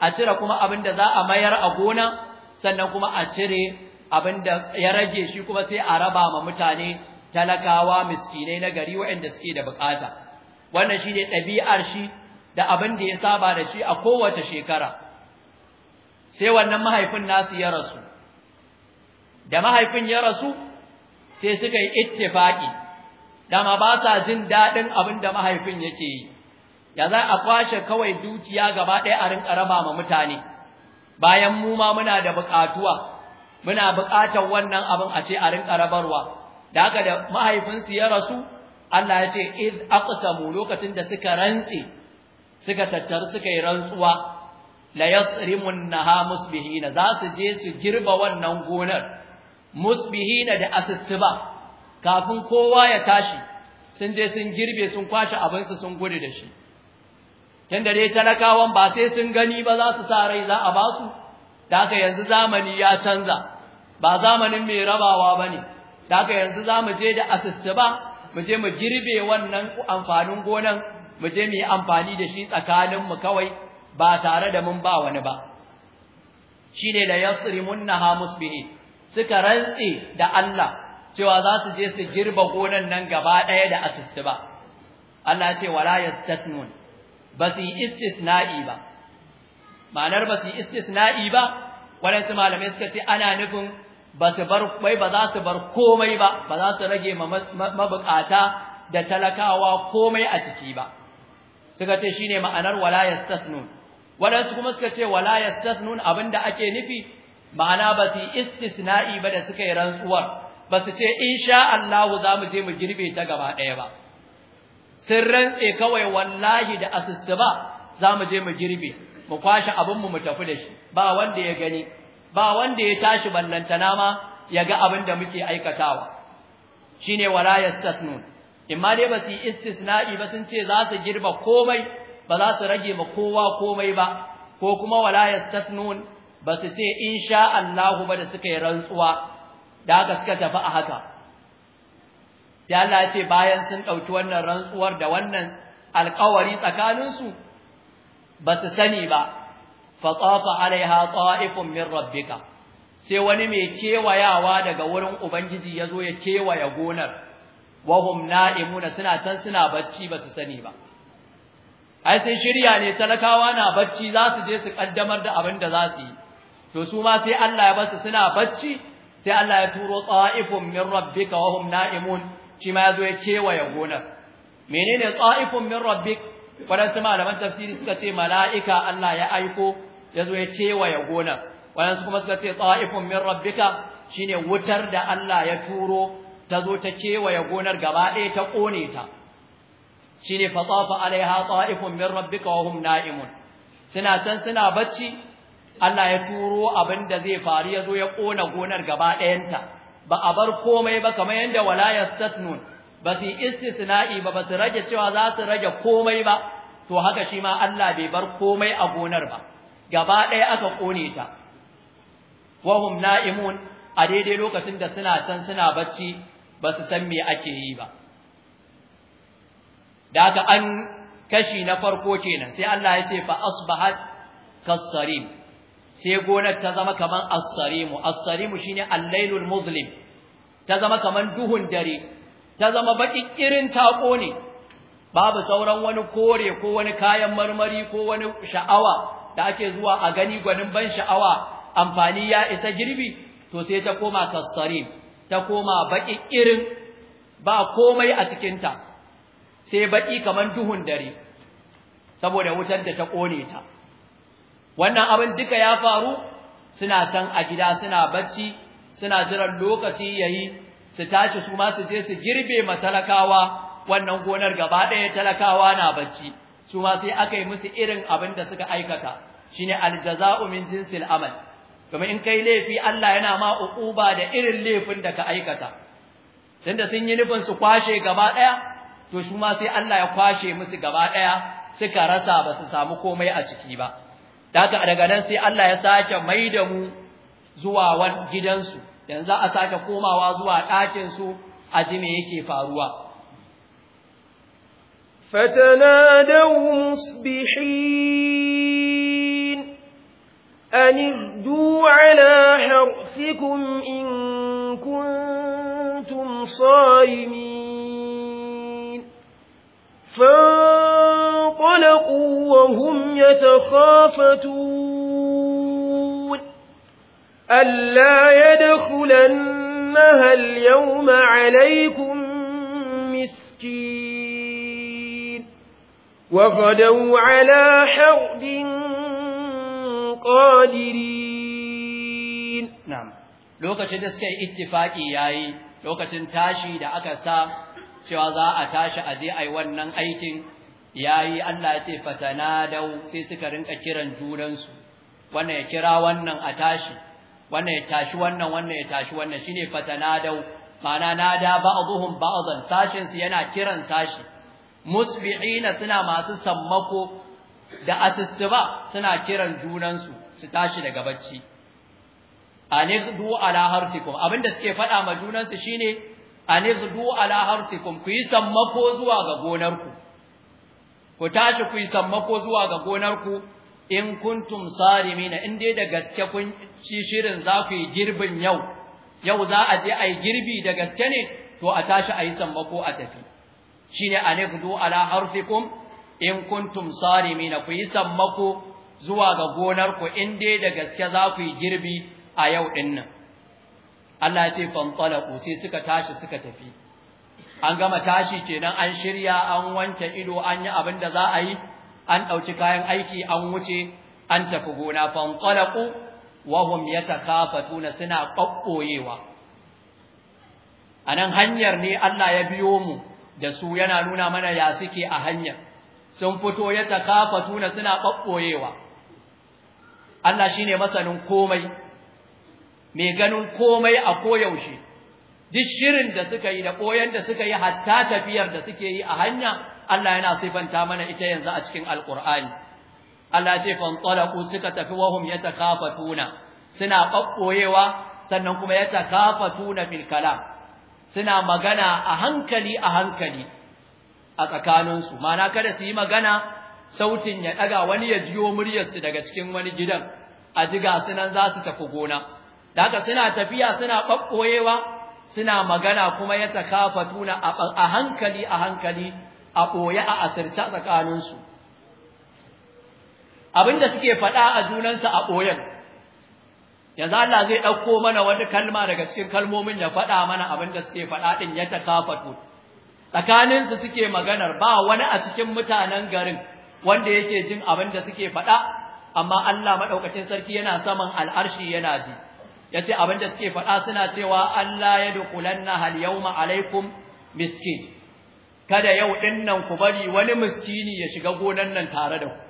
a cire kuma abin da za a mayar a gona sannan kuma a cire abin da ya rage shi kuma sai a raba ma mutane talakawa miskinai na gari waɗanda suke da bukata wannan shine ɗabi'ar shi da abin da ya saba da shi a kowace shekara sai wannan mahaifin nasu ya rasu da mahaifin ya rasu sai suka yi ittifaki dama ba sa jin dadin abin da mahaifin yake yi ya za a kwashe kawai dukiya gaba ɗaya a rinka raba ma mutane bayan mu ma muna da buƙatuwa muna buƙatar wannan abin a ce a rinka rabarwa da haka da mahaifinsu ya rasu Allah ya ce iz aqsamu lokacin da suka rantse suka tattaru suka yi rantsuwa la Hamus musbihina za su je su girba wannan gonar musbihina da asusuba kafin kowa ya tashi sun je sun girbe sun kwashe su sun gudu da shi Tunda dai talakawan ba sai sun gani ba za su sa rai za a ba su da yanzu zamani ya canza ba zamanin mai rabawa ba ne da yanzu za mu je da asusuba mu je mu girbe wannan amfanin gonan mu je mu yi amfani da shi tsakaninmu kawai ba tare da mun ba wani ba shine la yasrimunha musbihin suka rantse da Allah cewa za su je su girba gonan nan gaba ɗaya da asusu ba Allah ce wala yastatnun ba su yi istisna'i ba ma'anar ba su yi istisna'i ba waɗansu malamai suka ce ana nufin ba su bar wai ba za su bar komai ba ba za su rage mabukata da talakawa komai a ciki ba suka ce shine ma'anar wala yastatnun waɗansu kuma suka ce wala yastatnun abinda ake nufi ma'ana ba su istisna'i ba da suka yi rantsuwar ba su ce insha Allah za mu je mu girbe ta gaba ɗaya ba sun rantse kawai wallahi da asusu ba za mu je mu girbe mu kwashe abinmu mu tafi da shi ba wanda ya gani ba wanda ya tashi ballantana ma ya ga abin da muke aikatawa shine wala yastasnun imma dai ba su istisna'i ba sun ce za su girba komai ba za su rage ma kowa komai ba ko kuma wala yastasnun ba su ce in sha Allahu ba da suka yi rantsuwa da aka suka tafi a haka sai Allah ce bayan sun ɗauki wannan rantsuwar da wannan alkawari tsakaninsu ba su sani ba fatafa alaiha ta'ifun min rabbika sai wani mai kewayawa daga wurin ubangiji ya zo ya kewaya gonar wahum na'imuna suna can suna bacci ba su sani ba ai sun shirya ne talakawa na bacci za su je su ƙaddamar da abin da za su yi to su ma sai Allah ya basu suna bacci sai Allah ya turo qa'ifun min rabbika wa hum na'imun shi ma yazo ya ya gonar menene qa'ifun min rabbik wadansu malaman tafsiri suka ce mala'ika Allah ya aiko yazo ya ya gonar wadansu kuma suka ce qa'ifun min rabbika shine wutar da Allah ya turo ta zo ta kewaye gonar gaba ɗaya ta kone ta shine fatafa alaiha qa'ifun min rabbika wa hum na'imun suna can suna bacci Allah ya turo abin da zai faru ya zo ya ƙona gonar gaba ɗayanta ba a bar komai ba kamar yadda wala yastatnun ba su istisna'i ba ba su rage cewa za su rage komai ba to haka shi ma Allah bai bar komai a gonar ba gaba ɗaya aka ƙone ta wahum na'imun a daidai lokacin da suna can suna bacci ba su san me ake yi ba da haka an kashi na farko kenan sai Allah ya ce fa asbahat kasarim sai gonar ta zama kaman as-sarimu as-sarimu shine al-lailul muzlim ta zama kaman duhun dare ta zama baki irin tako ne babu sauran wani kore ko wani kayan marmari ko wani sha'awa da ake zuwa a gani gwanin ban sha'awa amfani ya isa girbi to sai ta koma kassarin ta koma baki irin ba komai a cikinta sai baki kaman duhun dare saboda wutar da ta kone ta wannan abin duka ya faru suna can a gida suna bacci suna jiran lokaci yayi su tashi su ma su je su girbe matalakawa wannan gonar gaba ɗaya talakawa na bacci su ma sai aka yi musu irin abin da suka aikata shine aljaza'u min jinsil amal kuma in kai laifi Allah yana ma uquba da irin laifin da ka aikata tunda sun yi nufin su kwashe gaba ɗaya to su ma sai Allah ya kwashe musu gaba ɗaya suka rasa ba su samu komai a ciki ba daga daga nan sai Allah ya sake mai da mu zuwa wan gidansu yanzu a sake komawa zuwa ɗakin su a ji me yake faruwa Fatana da musbihin an ala harfikum in kuntum salimin فانطلقوا وهم يتخافتون ألا يدخلنها اليوم عليكم مسكين وغدوا على حرد قادرين نعم لوكا شدسك اتفاقي ياي لوكا تنتاشي دا أكسا cewa za a tashi a je a yi wannan aikin ya yi Allah ya ce fatanadau sai suka rinka kiran junansu wannan ya kira wannan a tashi wannan ya tashi wannan wannan ya tashi wannan shine fatanadau mana nada ba'dhum ba'dhan sashin su yana kiran sashi musbi'ina suna masu sammako da asusuba suna kiran junansu su tashi daga bacci anigdu ala harfikum abinda suke faɗa ma junansu shine anizdu ala hartikum ku yi sammako zuwa ga gonarku ku tashi ku yi sammako zuwa ga gonarku in kuntum sarimina in dai da gaske kun ci shirin za ku yi girbin yau yau za a je a yi girbi da gaske ne to a tashi a yi sammako a tafi shine anizdu ala hartikum in kuntum sarimina ku yi sammako zuwa ga gonarku in dai da gaske za ku yi girbi a yau ɗinnan. Allah ya ce fanqalaqu sai suka tashi suka tafi an gama tashi kenan an shirya an wanke ido an yi abin da za a yi an ɗauki kayan aiki an wuce an tafi gona fanqalaqu wa hum yatakafatuna suna kokkoyewa anan hanyar ne Allah ya biyo mu da su yana nuna mana ya suke a hanyar sun fito yatakafatuna suna kokkoyewa Allah shine masanin komai mai ganin komai a koyaushe duk shirin da suka yi da koyan da suka yi hatta tafiyar da suke yi a hanya Allah yana sifanta mana ita yanzu a cikin alkur'ani Allah ce fantalaqu suka tafi wahum ya ta kafa tuna, suna ɓaɓɓoyewa sannan kuma ya ta kafa tuna kalam suna magana a hankali a hankali a tsakaninsu mana kada su yi magana sautin ya ɗaga wani ya jiyo muryarsu daga cikin wani gidan a jiga sunan za su tafi gona da haka suna tafiya suna ɓaɓɓoyewa suna magana kuma ya tuna a hankali a hankali a ɓoye a asirce tsakaninsu abinda suke faɗa a junansu a ɓoyen yanzu Allah zai ɗauko mana wani kalma daga cikin kalmomin ya faɗa mana abinda suke faɗa ɗin ya takafatu tsakaninsu suke maganar ba wani a cikin mutanen garin wanda yake jin abin da suke faɗa amma Allah maɗaukacin sarki yana saman al'arshi yana ji yace abin da suke faɗa suna cewa Allah ya dukulanna hal yawma alaikum miskin kada yau ɗinnan ku bari wani miskini ya shiga gonan nan tare da ku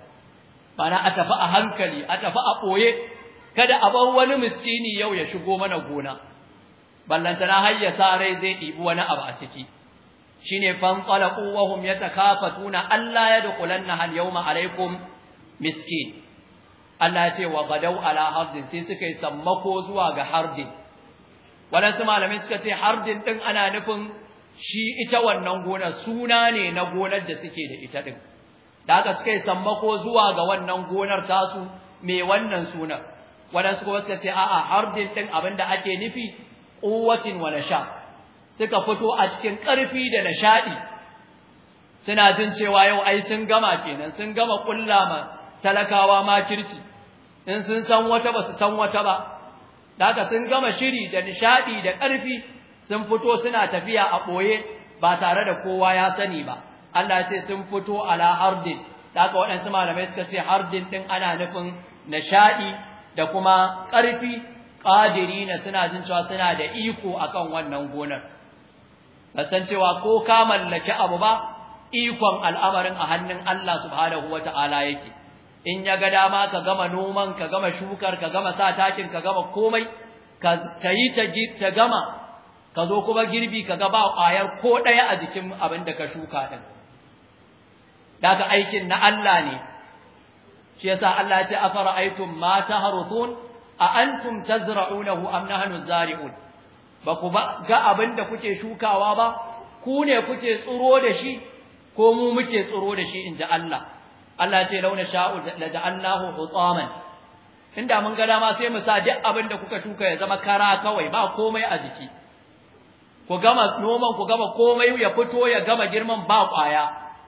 bana a tafi a hankali a tafi a ɓoye, kada a bar wani miskini yau ya shigo mana gona ballanta har ya sare zai ɗibi wani abu a ciki shine fanqalaqu wa hum yatakafatuna ya yadkhulanna hal yawma alaikum miskin Allah ya ce wa gadau ala hardin sai suka yi sammako zuwa ga hardin waɗansu malamai suka ce hardin ɗin ana nufin shi ita wannan gonar suna ne na gonar da suke da ita ɗin da haka suka yi sammako zuwa ga wannan gonar tasu mai wannan sunan waɗansu kuma suka ce a'a hardin ɗin abin da ake nufi ƙuwacin wa nasha suka fito a cikin ƙarfi da nishaɗi suna jin cewa yau ai sun gama kenan sun gama ƙulla talakawa ma kirci, in sun san wata ba su san wata ba daga sun gama shiri da nishadi da ƙarfi sun fito suna tafiya a ɓoye ba tare da kowa ya sani ba Allah ce sun fito ala ardin daga waɗansu malamai suka ce hardin ɗin ana nufin nishadi da kuma ƙarfi ƙadiri na suna jin cewa suna da iko akan wannan gonar ba san cewa ko ka mallaki abu ba ikon al'amarin a hannun Allah subhanahu wata'ala yake in ya ga dama ka gama noman ka gama shukar ka gama sa takin ka gama komai ka yi ta gama ka zo kuma girbi ka ga ba ayar ko ɗaya a jikin abin da ka shuka din daga aikin na Allah ne shi yasa Allah ya ce afara aitum ma taharuthun a antum tazra'unahu am nahnu zari'un ba ku ga abin da kuke shukawa ba ku ne kuke tsuro da shi ko mu muke tsuro da shi ji Allah Allah ce launa sha'u la ja'allahu hutaman inda mun ga dama sai mu sa duk abin da kuka tuka ya zama kara kawai ba komai a jiki ku gama noman ku gama komai ya fito ya gama girman ba kwaya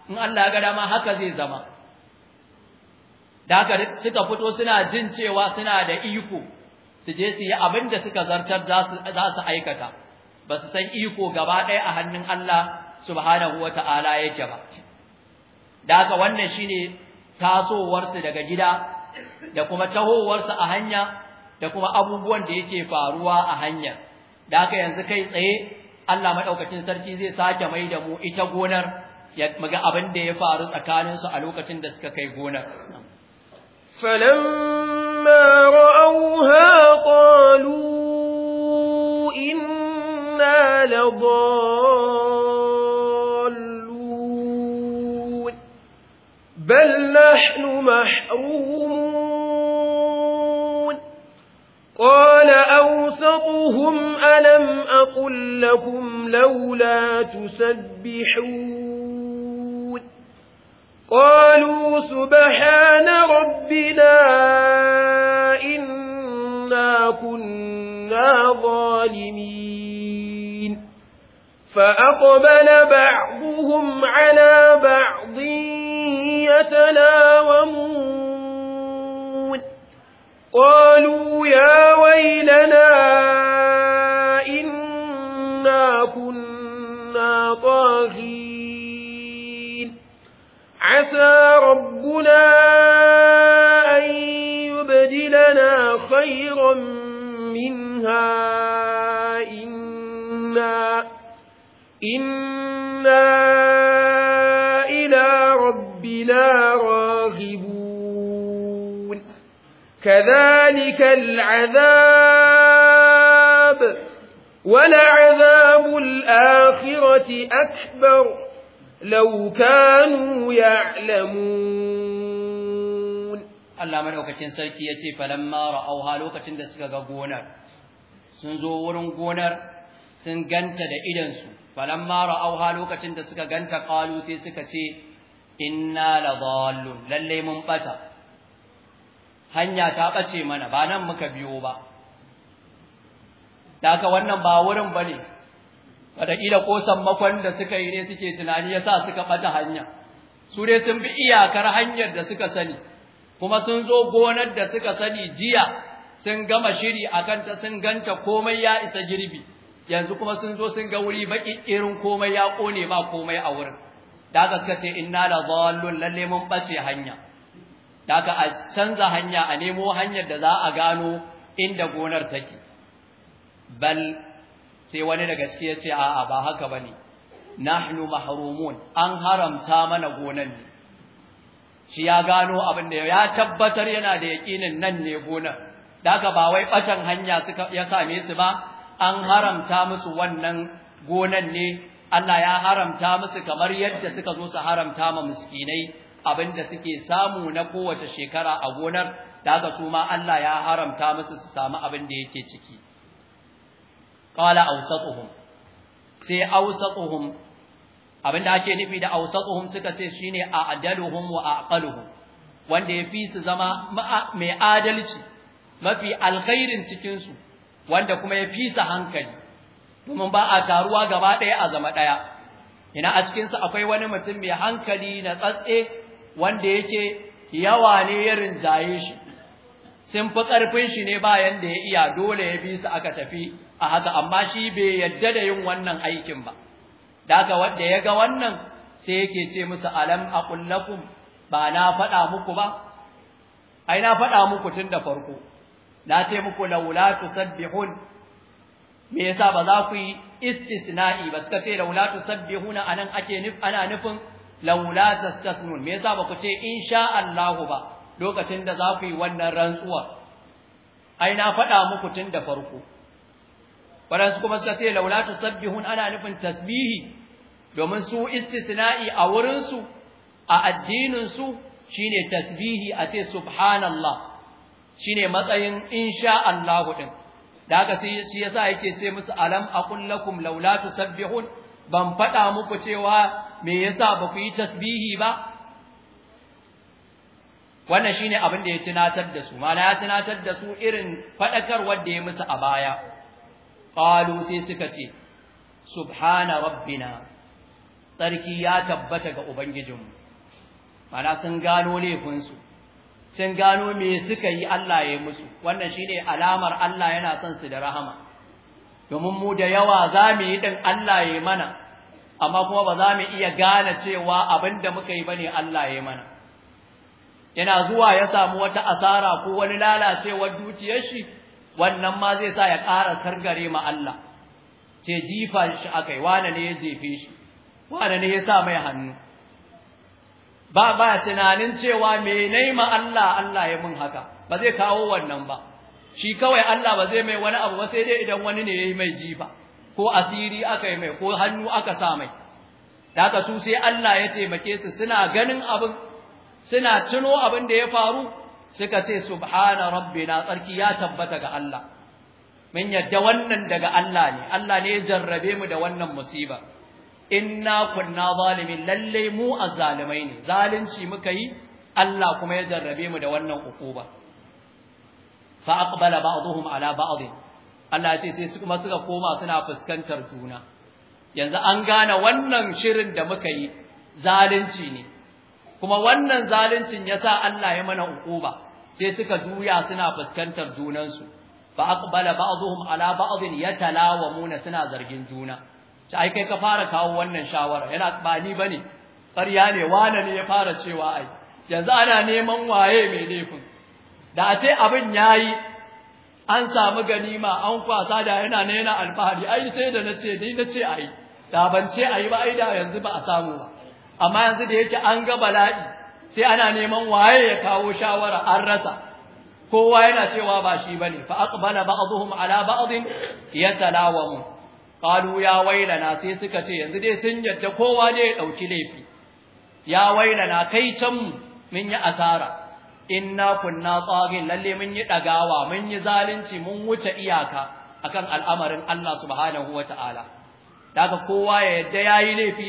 in Allah ya ga dama haka zai zama da haka suka fito suna jin cewa suna da iko su je su yi abin da suka zartar za su aikata ba su san iko gaba ɗaya a hannun Allah subhanahu wata'ala ta'ala yake ba da haka wannan shine tasowarsu daga gida da kuma tahowarsu a hanya da kuma abubuwan da yake faruwa a hanya da haka yanzu kai tsaye Allah madaukakin sarki zai sake mai da mu ita gonar ya maga abin da ya faru tsakaninsu a lokacin da suka kai gonar فلما رأوها قالوا إنا لضالون بل نحن محرومون قال أوسطهم ألم أقل لكم لولا تسبحون قالوا سبحان ربنا إنا كنا ظالمين فأقبل بعضهم على بعض يتلاومون قالوا يا ويلنا إنا كنا طاغين عسى ربنا أن يبدلنا خيرا منها إنا إلى ربنا راغبون كذلك العذاب ولعذاب الآخرة أكبر لو كانوا يعلمون الله مدعوكتين سيكي يتي فلما رأوها لوكتين دسكا غونر سنزورون غونر سنغنت دا إدنسو falamma ra'awha lokacin da suka ganta qalu sai suka ce inna ladallun lalle mun bata hanya ta bace mana ba nan muka biyo ba daga wannan ba wurin bane ila ko sammakon da suka yi ne suke tunani yasa suka bata hanya su dai sun bi iyakar hanyar da suka sani kuma sun zo gonar da suka sani jiya sun gama shiri akan ta sun ganta komai ya isa girbi yanzu kuma sun zo sun ga wuri baki irin komai ya kone ba komai a wurin da aka suka ce inna la dhallun lalle mun bace hanya da aka a canza hanya a nemo hanyar da za a gano inda gonar take bal sai wani daga ciki ya ce a'a ba haka ba ne. nahnu mahrumun an haramta mana gonar ne shi ya gano abin da ya tabbatar yana da yaƙinin nan ne gonar da aka ba wai ɓatan hanya suka ya same su ba an haramta musu wannan gonan ne Allah ya haramta musu kamar yadda suka zo su haramta ma miskinai abinda suke samu na kowace shekara a gonar daga su ma Allah ya haramta musu su samu abin da yake ciki qala awsatuhum sai awsatuhum abinda ake nufi da awsatuhum suka ce shine a'daluhum wa aqaluhum wanda ya fi su zama mai adalci mafi alkhairin cikin su wanda kuma ya fisa hankali domin ba a taruwa gaba ɗaya a zama ɗaya ina a cikinsu akwai wani mutum mai hankali na tsatse wanda yake yawa ne ya rinjaye shi sun fi ƙarfin shi ne bayan da ya iya dole ya bi su aka tafi a haka amma shi bai yadda da yin wannan aikin ba da wanda ya ga wannan sai yake ce musu alam aqullakum ba na faɗa muku ba ai na faɗa muku tun da farko na ce muku laula tusabbihun me yasa ba za ku yi istisna'i ba suka ce laula tusabbihuna anan ake ana nufin laula tastasnun me yasa ba ku ce insha Allah ba lokacin da za ku yi wannan rantsuwa ai na faɗa muku tun da farko waɗansu kuma suka ce laula tusabbihun ana nufin tasbihi domin su istisna'i a wurinsu a addininsu shine tasbihi a ce subhanallah shine matsayin insha Allahu din da haka sai shi yasa yake ce musu alam aqul lakum laula tusabbihun ban fada muku cewa me yasa ba ku yi tasbihi ba wannan shine abin da ya tunatar da su mana ya tunatar da su irin fadakar da ya musu a baya qalu sai suka ce subhana rabbina Sarki ya tabbata ga ubangijinmu mana sun gano laifinsu sun gano me suka yi Allah ya musu wannan shine alamar Allah yana son su da rahama domin mu da yawa za mu yi din Allah ya mana amma kuma ba za mu iya gane cewa abin da muka yi ba ne Allah ya mana yana zuwa ya samu wata asara ko wani lalacewar dukiyar shi wannan ma zai sa ya ƙara sargare ma Allah ce jifa shi yi, wane ne ya jefe shi wane ne ya sa mai hannu ba ba tunanin cewa me ma Allah Allah ya mun haka ba zai kawo wannan ba shi kawai Allah ba zai mai wani abu ba sai dai idan wani ne yayi mai jifa ko asiri aka yi mai ko hannu aka sa mai da su sai Allah ya taimake su suna ganin abin suna tuno abin da ya faru suka ce subhana rabbina tsarki ya tabbata ga Allah mun yadda wannan daga Allah ne Allah ne ya jarrabe mu da wannan musibar. inna kunna zalimin lalle mu azzalimai ne zalunci muka yi Allah kuma ya jarrabe mu da wannan ukuba fa aqbala ba'dhum ala ba'd Allah ya ce sai su kuma suka koma suna fuskantar juna yanzu an gane wannan shirin da muka yi zalunci ne kuma wannan zaluncin yasa Allah ya mana ukuba sai suka juya suna fuskantar junansu fa aqbala ba'dhum ala ba'd yatalawamuna suna zargin juna ai kai ka fara kawo wannan shawara yana ba ni bane ƙarya ne wane ne ya fara cewa ai yanzu ana neman waye mai laifin da a ce abin yayi an samu ganima an kwasa da yana ne yana alfahari ai sai da nace ni nace ai da ban ce ai ba ai da yanzu ba a samu ba amma yanzu da yake an ga bala'i sai ana neman waye ya kawo shawara an rasa kowa yana cewa ba shi bane fa aqbala ba'dhum ala ba'd yatalawamu qalu ya wailana sai suka ce yanzu dai sun yadda kowa dai ya ɗauki laifi ya wailana kai can mun yi asara inna kunna tsagin lalle mun yi ɗagawa, mun yi zalunci mun wuce iyaka akan al'amarin Allah subhanahu Ta'ala. daga kowa ya yadda yayi laifi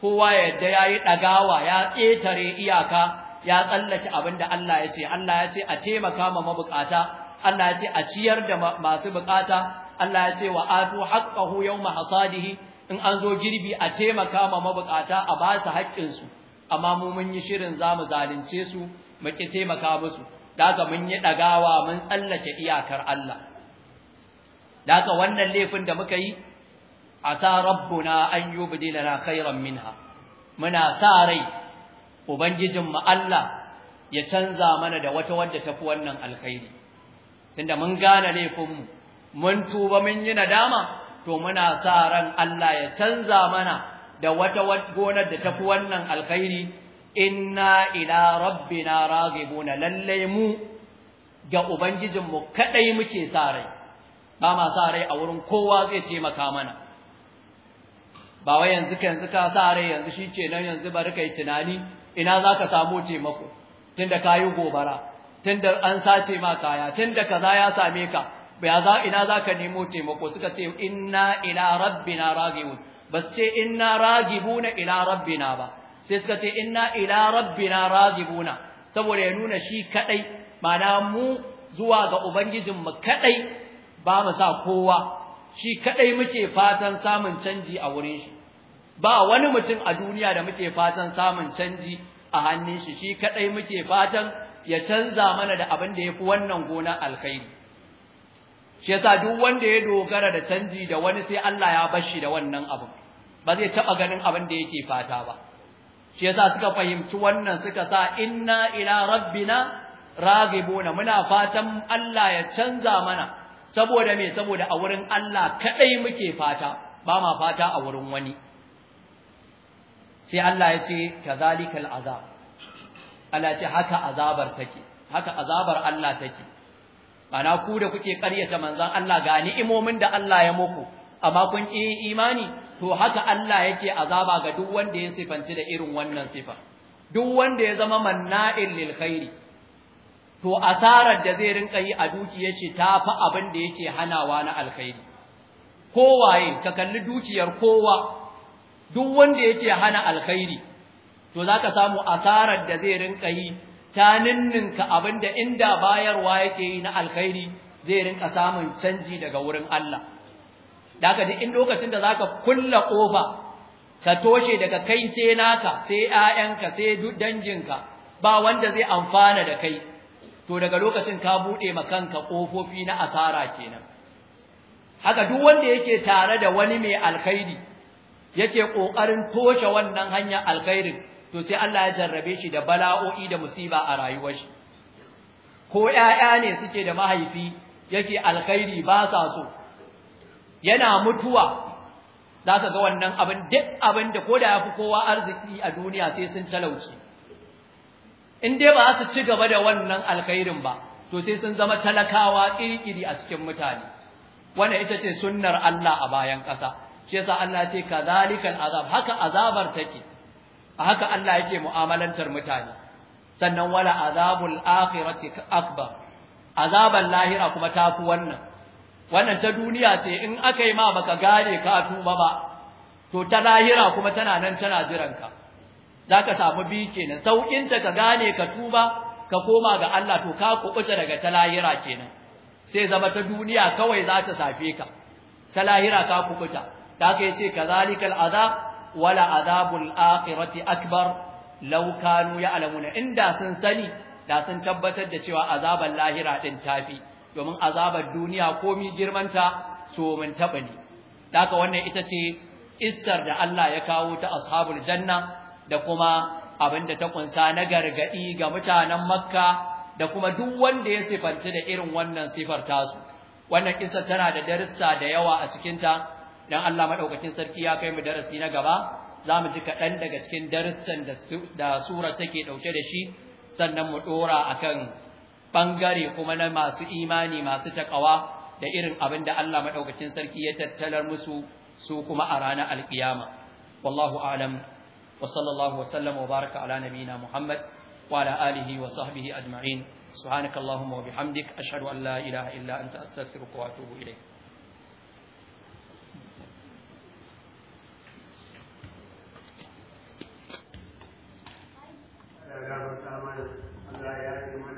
kowa ya yadda yayi dagawa ya ƙetare iyaka ya tsallake abin da Allah ya ce Allah ya ce a taimaka ma mabukata Allah ya ce a ciyar da masu bukata Allah ya ce wa atu haqqahu yawma hasadihi in an zo girbi a taimaka ma mabukata a ba su haƙƙin su amma mu mun yi shirin zamu zalunce su mu ki taimaka musu daga mun yi dagawa mun tsallake iyakar Allah daga wannan laifin da muka yi asa rabbuna an yubdilana khairan minha muna sa rai ubangijin mu Allah ya canza mana da wata wadda tafi wannan alkhairi tunda mun gane laifin mu mun tuba mun yi nadama to muna sa ran Allah ya canza mana da wata gonar da tafi wannan alkhairi inna ila rabbina raghibuna lalle mu ga ubangijin mu kadai muke sa rai ba ma sa rai a wurin kowa zai taimaka mana ba wai yanzu ka yanzu ka sa rai yanzu shi nan yanzu bari kai tunani ina zaka samu taimako tunda kayi gobara tunda an sace ma kaya tunda kaza ya same ka ya za ina za ka nemo taimako suka ce inna ila rabbina Ba su ce inna ragibuna ila rabbina ba sai suka ce inna ila rabbina ragibuna saboda ya nuna shi kadai ma'ana mu zuwa ga ubangijinmu kadai ba mu sa kowa shi kadai muke fatan samun canji a wurin shi ba wani mutum a duniya da muke fatan samun canji a hannun shi shi kadai muke fatan ya canza mana da abin da yafi wannan gona alkhairi shi yasa duk wanda ya dogara da canji da wani sai Allah ya bar shi da wannan abin ba zai taba ganin abin da yake fata ba shi yasa suka fahimci wannan suka sa inna ila rabbina ragibuna muna fatan Allah ya canza mana saboda me saboda a wurin Allah kadai muke fata ba ma fata a wurin wani sai Allah ya ce kazalikal azab Allah ce haka azabar take haka azabar Allah take ana ku da kuke ƙaryata manzan Allah ga ni'imomin da Allah ya muku amma kun ƙi imani to haka Allah yake azaba ga duk wanda ya sifanci da irin wannan sifa duk wanda ya zama manna'il lil khairi to asarar da zai rinka yi a dukiyar shi ta fa abin da yake hanawa na alkhairi kowaye ka kalli dukiyar kowa duk wanda yake hana alkhairi to zaka samu asarar da zai rinka yi ta ninninka abinda inda bayarwa yake yi na alkhairi zai rinka samun canji daga wurin Allah ka duk in lokacin da zaka kulla ƙofa ka toshe daga kai sai naka sai 'ya'yanka sai danginka ba wanda zai amfana da kai to daga lokacin ka bude makanka ƙofofi na asara kenan haka duk wanda yake tare da wani mai alkhairi yake ƙoƙarin toshe wannan hanyar alkhairin to sai Allah ya jarrabe shi da bala'o'i da musiba a rayuwar shi ko 'ya'ya ne suke da mahaifi yake alkhairi ba sa so yana mutuwa za ka ga wannan abin duk abin da koda yafi kowa arziki a duniya sai sun talauci in dai ba su ci gaba da wannan alkhairin ba to sai sun zama talakawa kirkiri a cikin mutane wannan ita ce sunnar Allah a bayan ƙasa shi yasa Allah ya ce kazalikal azab haka azabar take a haka Allah yake mu'amalantar mutane sannan wala azabul akhirati akbar azaban lahira kuma tafi wannan wannan ta duniya sai in aka yi ma baka gane ka tuba ba to ta lahira kuma tana nan tana jiranka zaka samu bi kenan saukin ta ka gane ka tuba ka koma ga Allah to ka kubuta daga ta lahira kenan sai zama ta duniya kawai za ta safe ka ta lahira ka kubuta ta kai ce kazalikal azab wala azabul akhirati akbar law kanu ya'lamuna inda sun sani da sun tabbatar da cewa azabar lahira din tafi domin azabar duniya komi girmanta so mun taba ne haka wannan ita ce isar da Allah ya kawo ta ashabul janna da kuma abinda ta kunsa na gargadi ga mutanen makka da kuma duk wanda ya sifanta da irin wannan sifar tasu wannan kissa tana da darussa da yawa a cikinta dan Allah madaukakin sarki ya kai mu darasi na gaba zamu ji kaɗan daga cikin darussan da da sura take dauke da shi sannan mu dora akan bangare kuma na masu imani masu takawa da irin abin da Allah madaukakin sarki ya tattalar musu su kuma a ranar alkiyama wallahu a'lam wa sallallahu wa sallama wa baraka ala nabiyina muhammad wa ala alihi wa sahbihi ajma'in subhanakallahumma wa bihamdik ashhadu an la ilaha illa anta astaghfiruka wa atubu ilayk gafarta mana Allah ya yi mana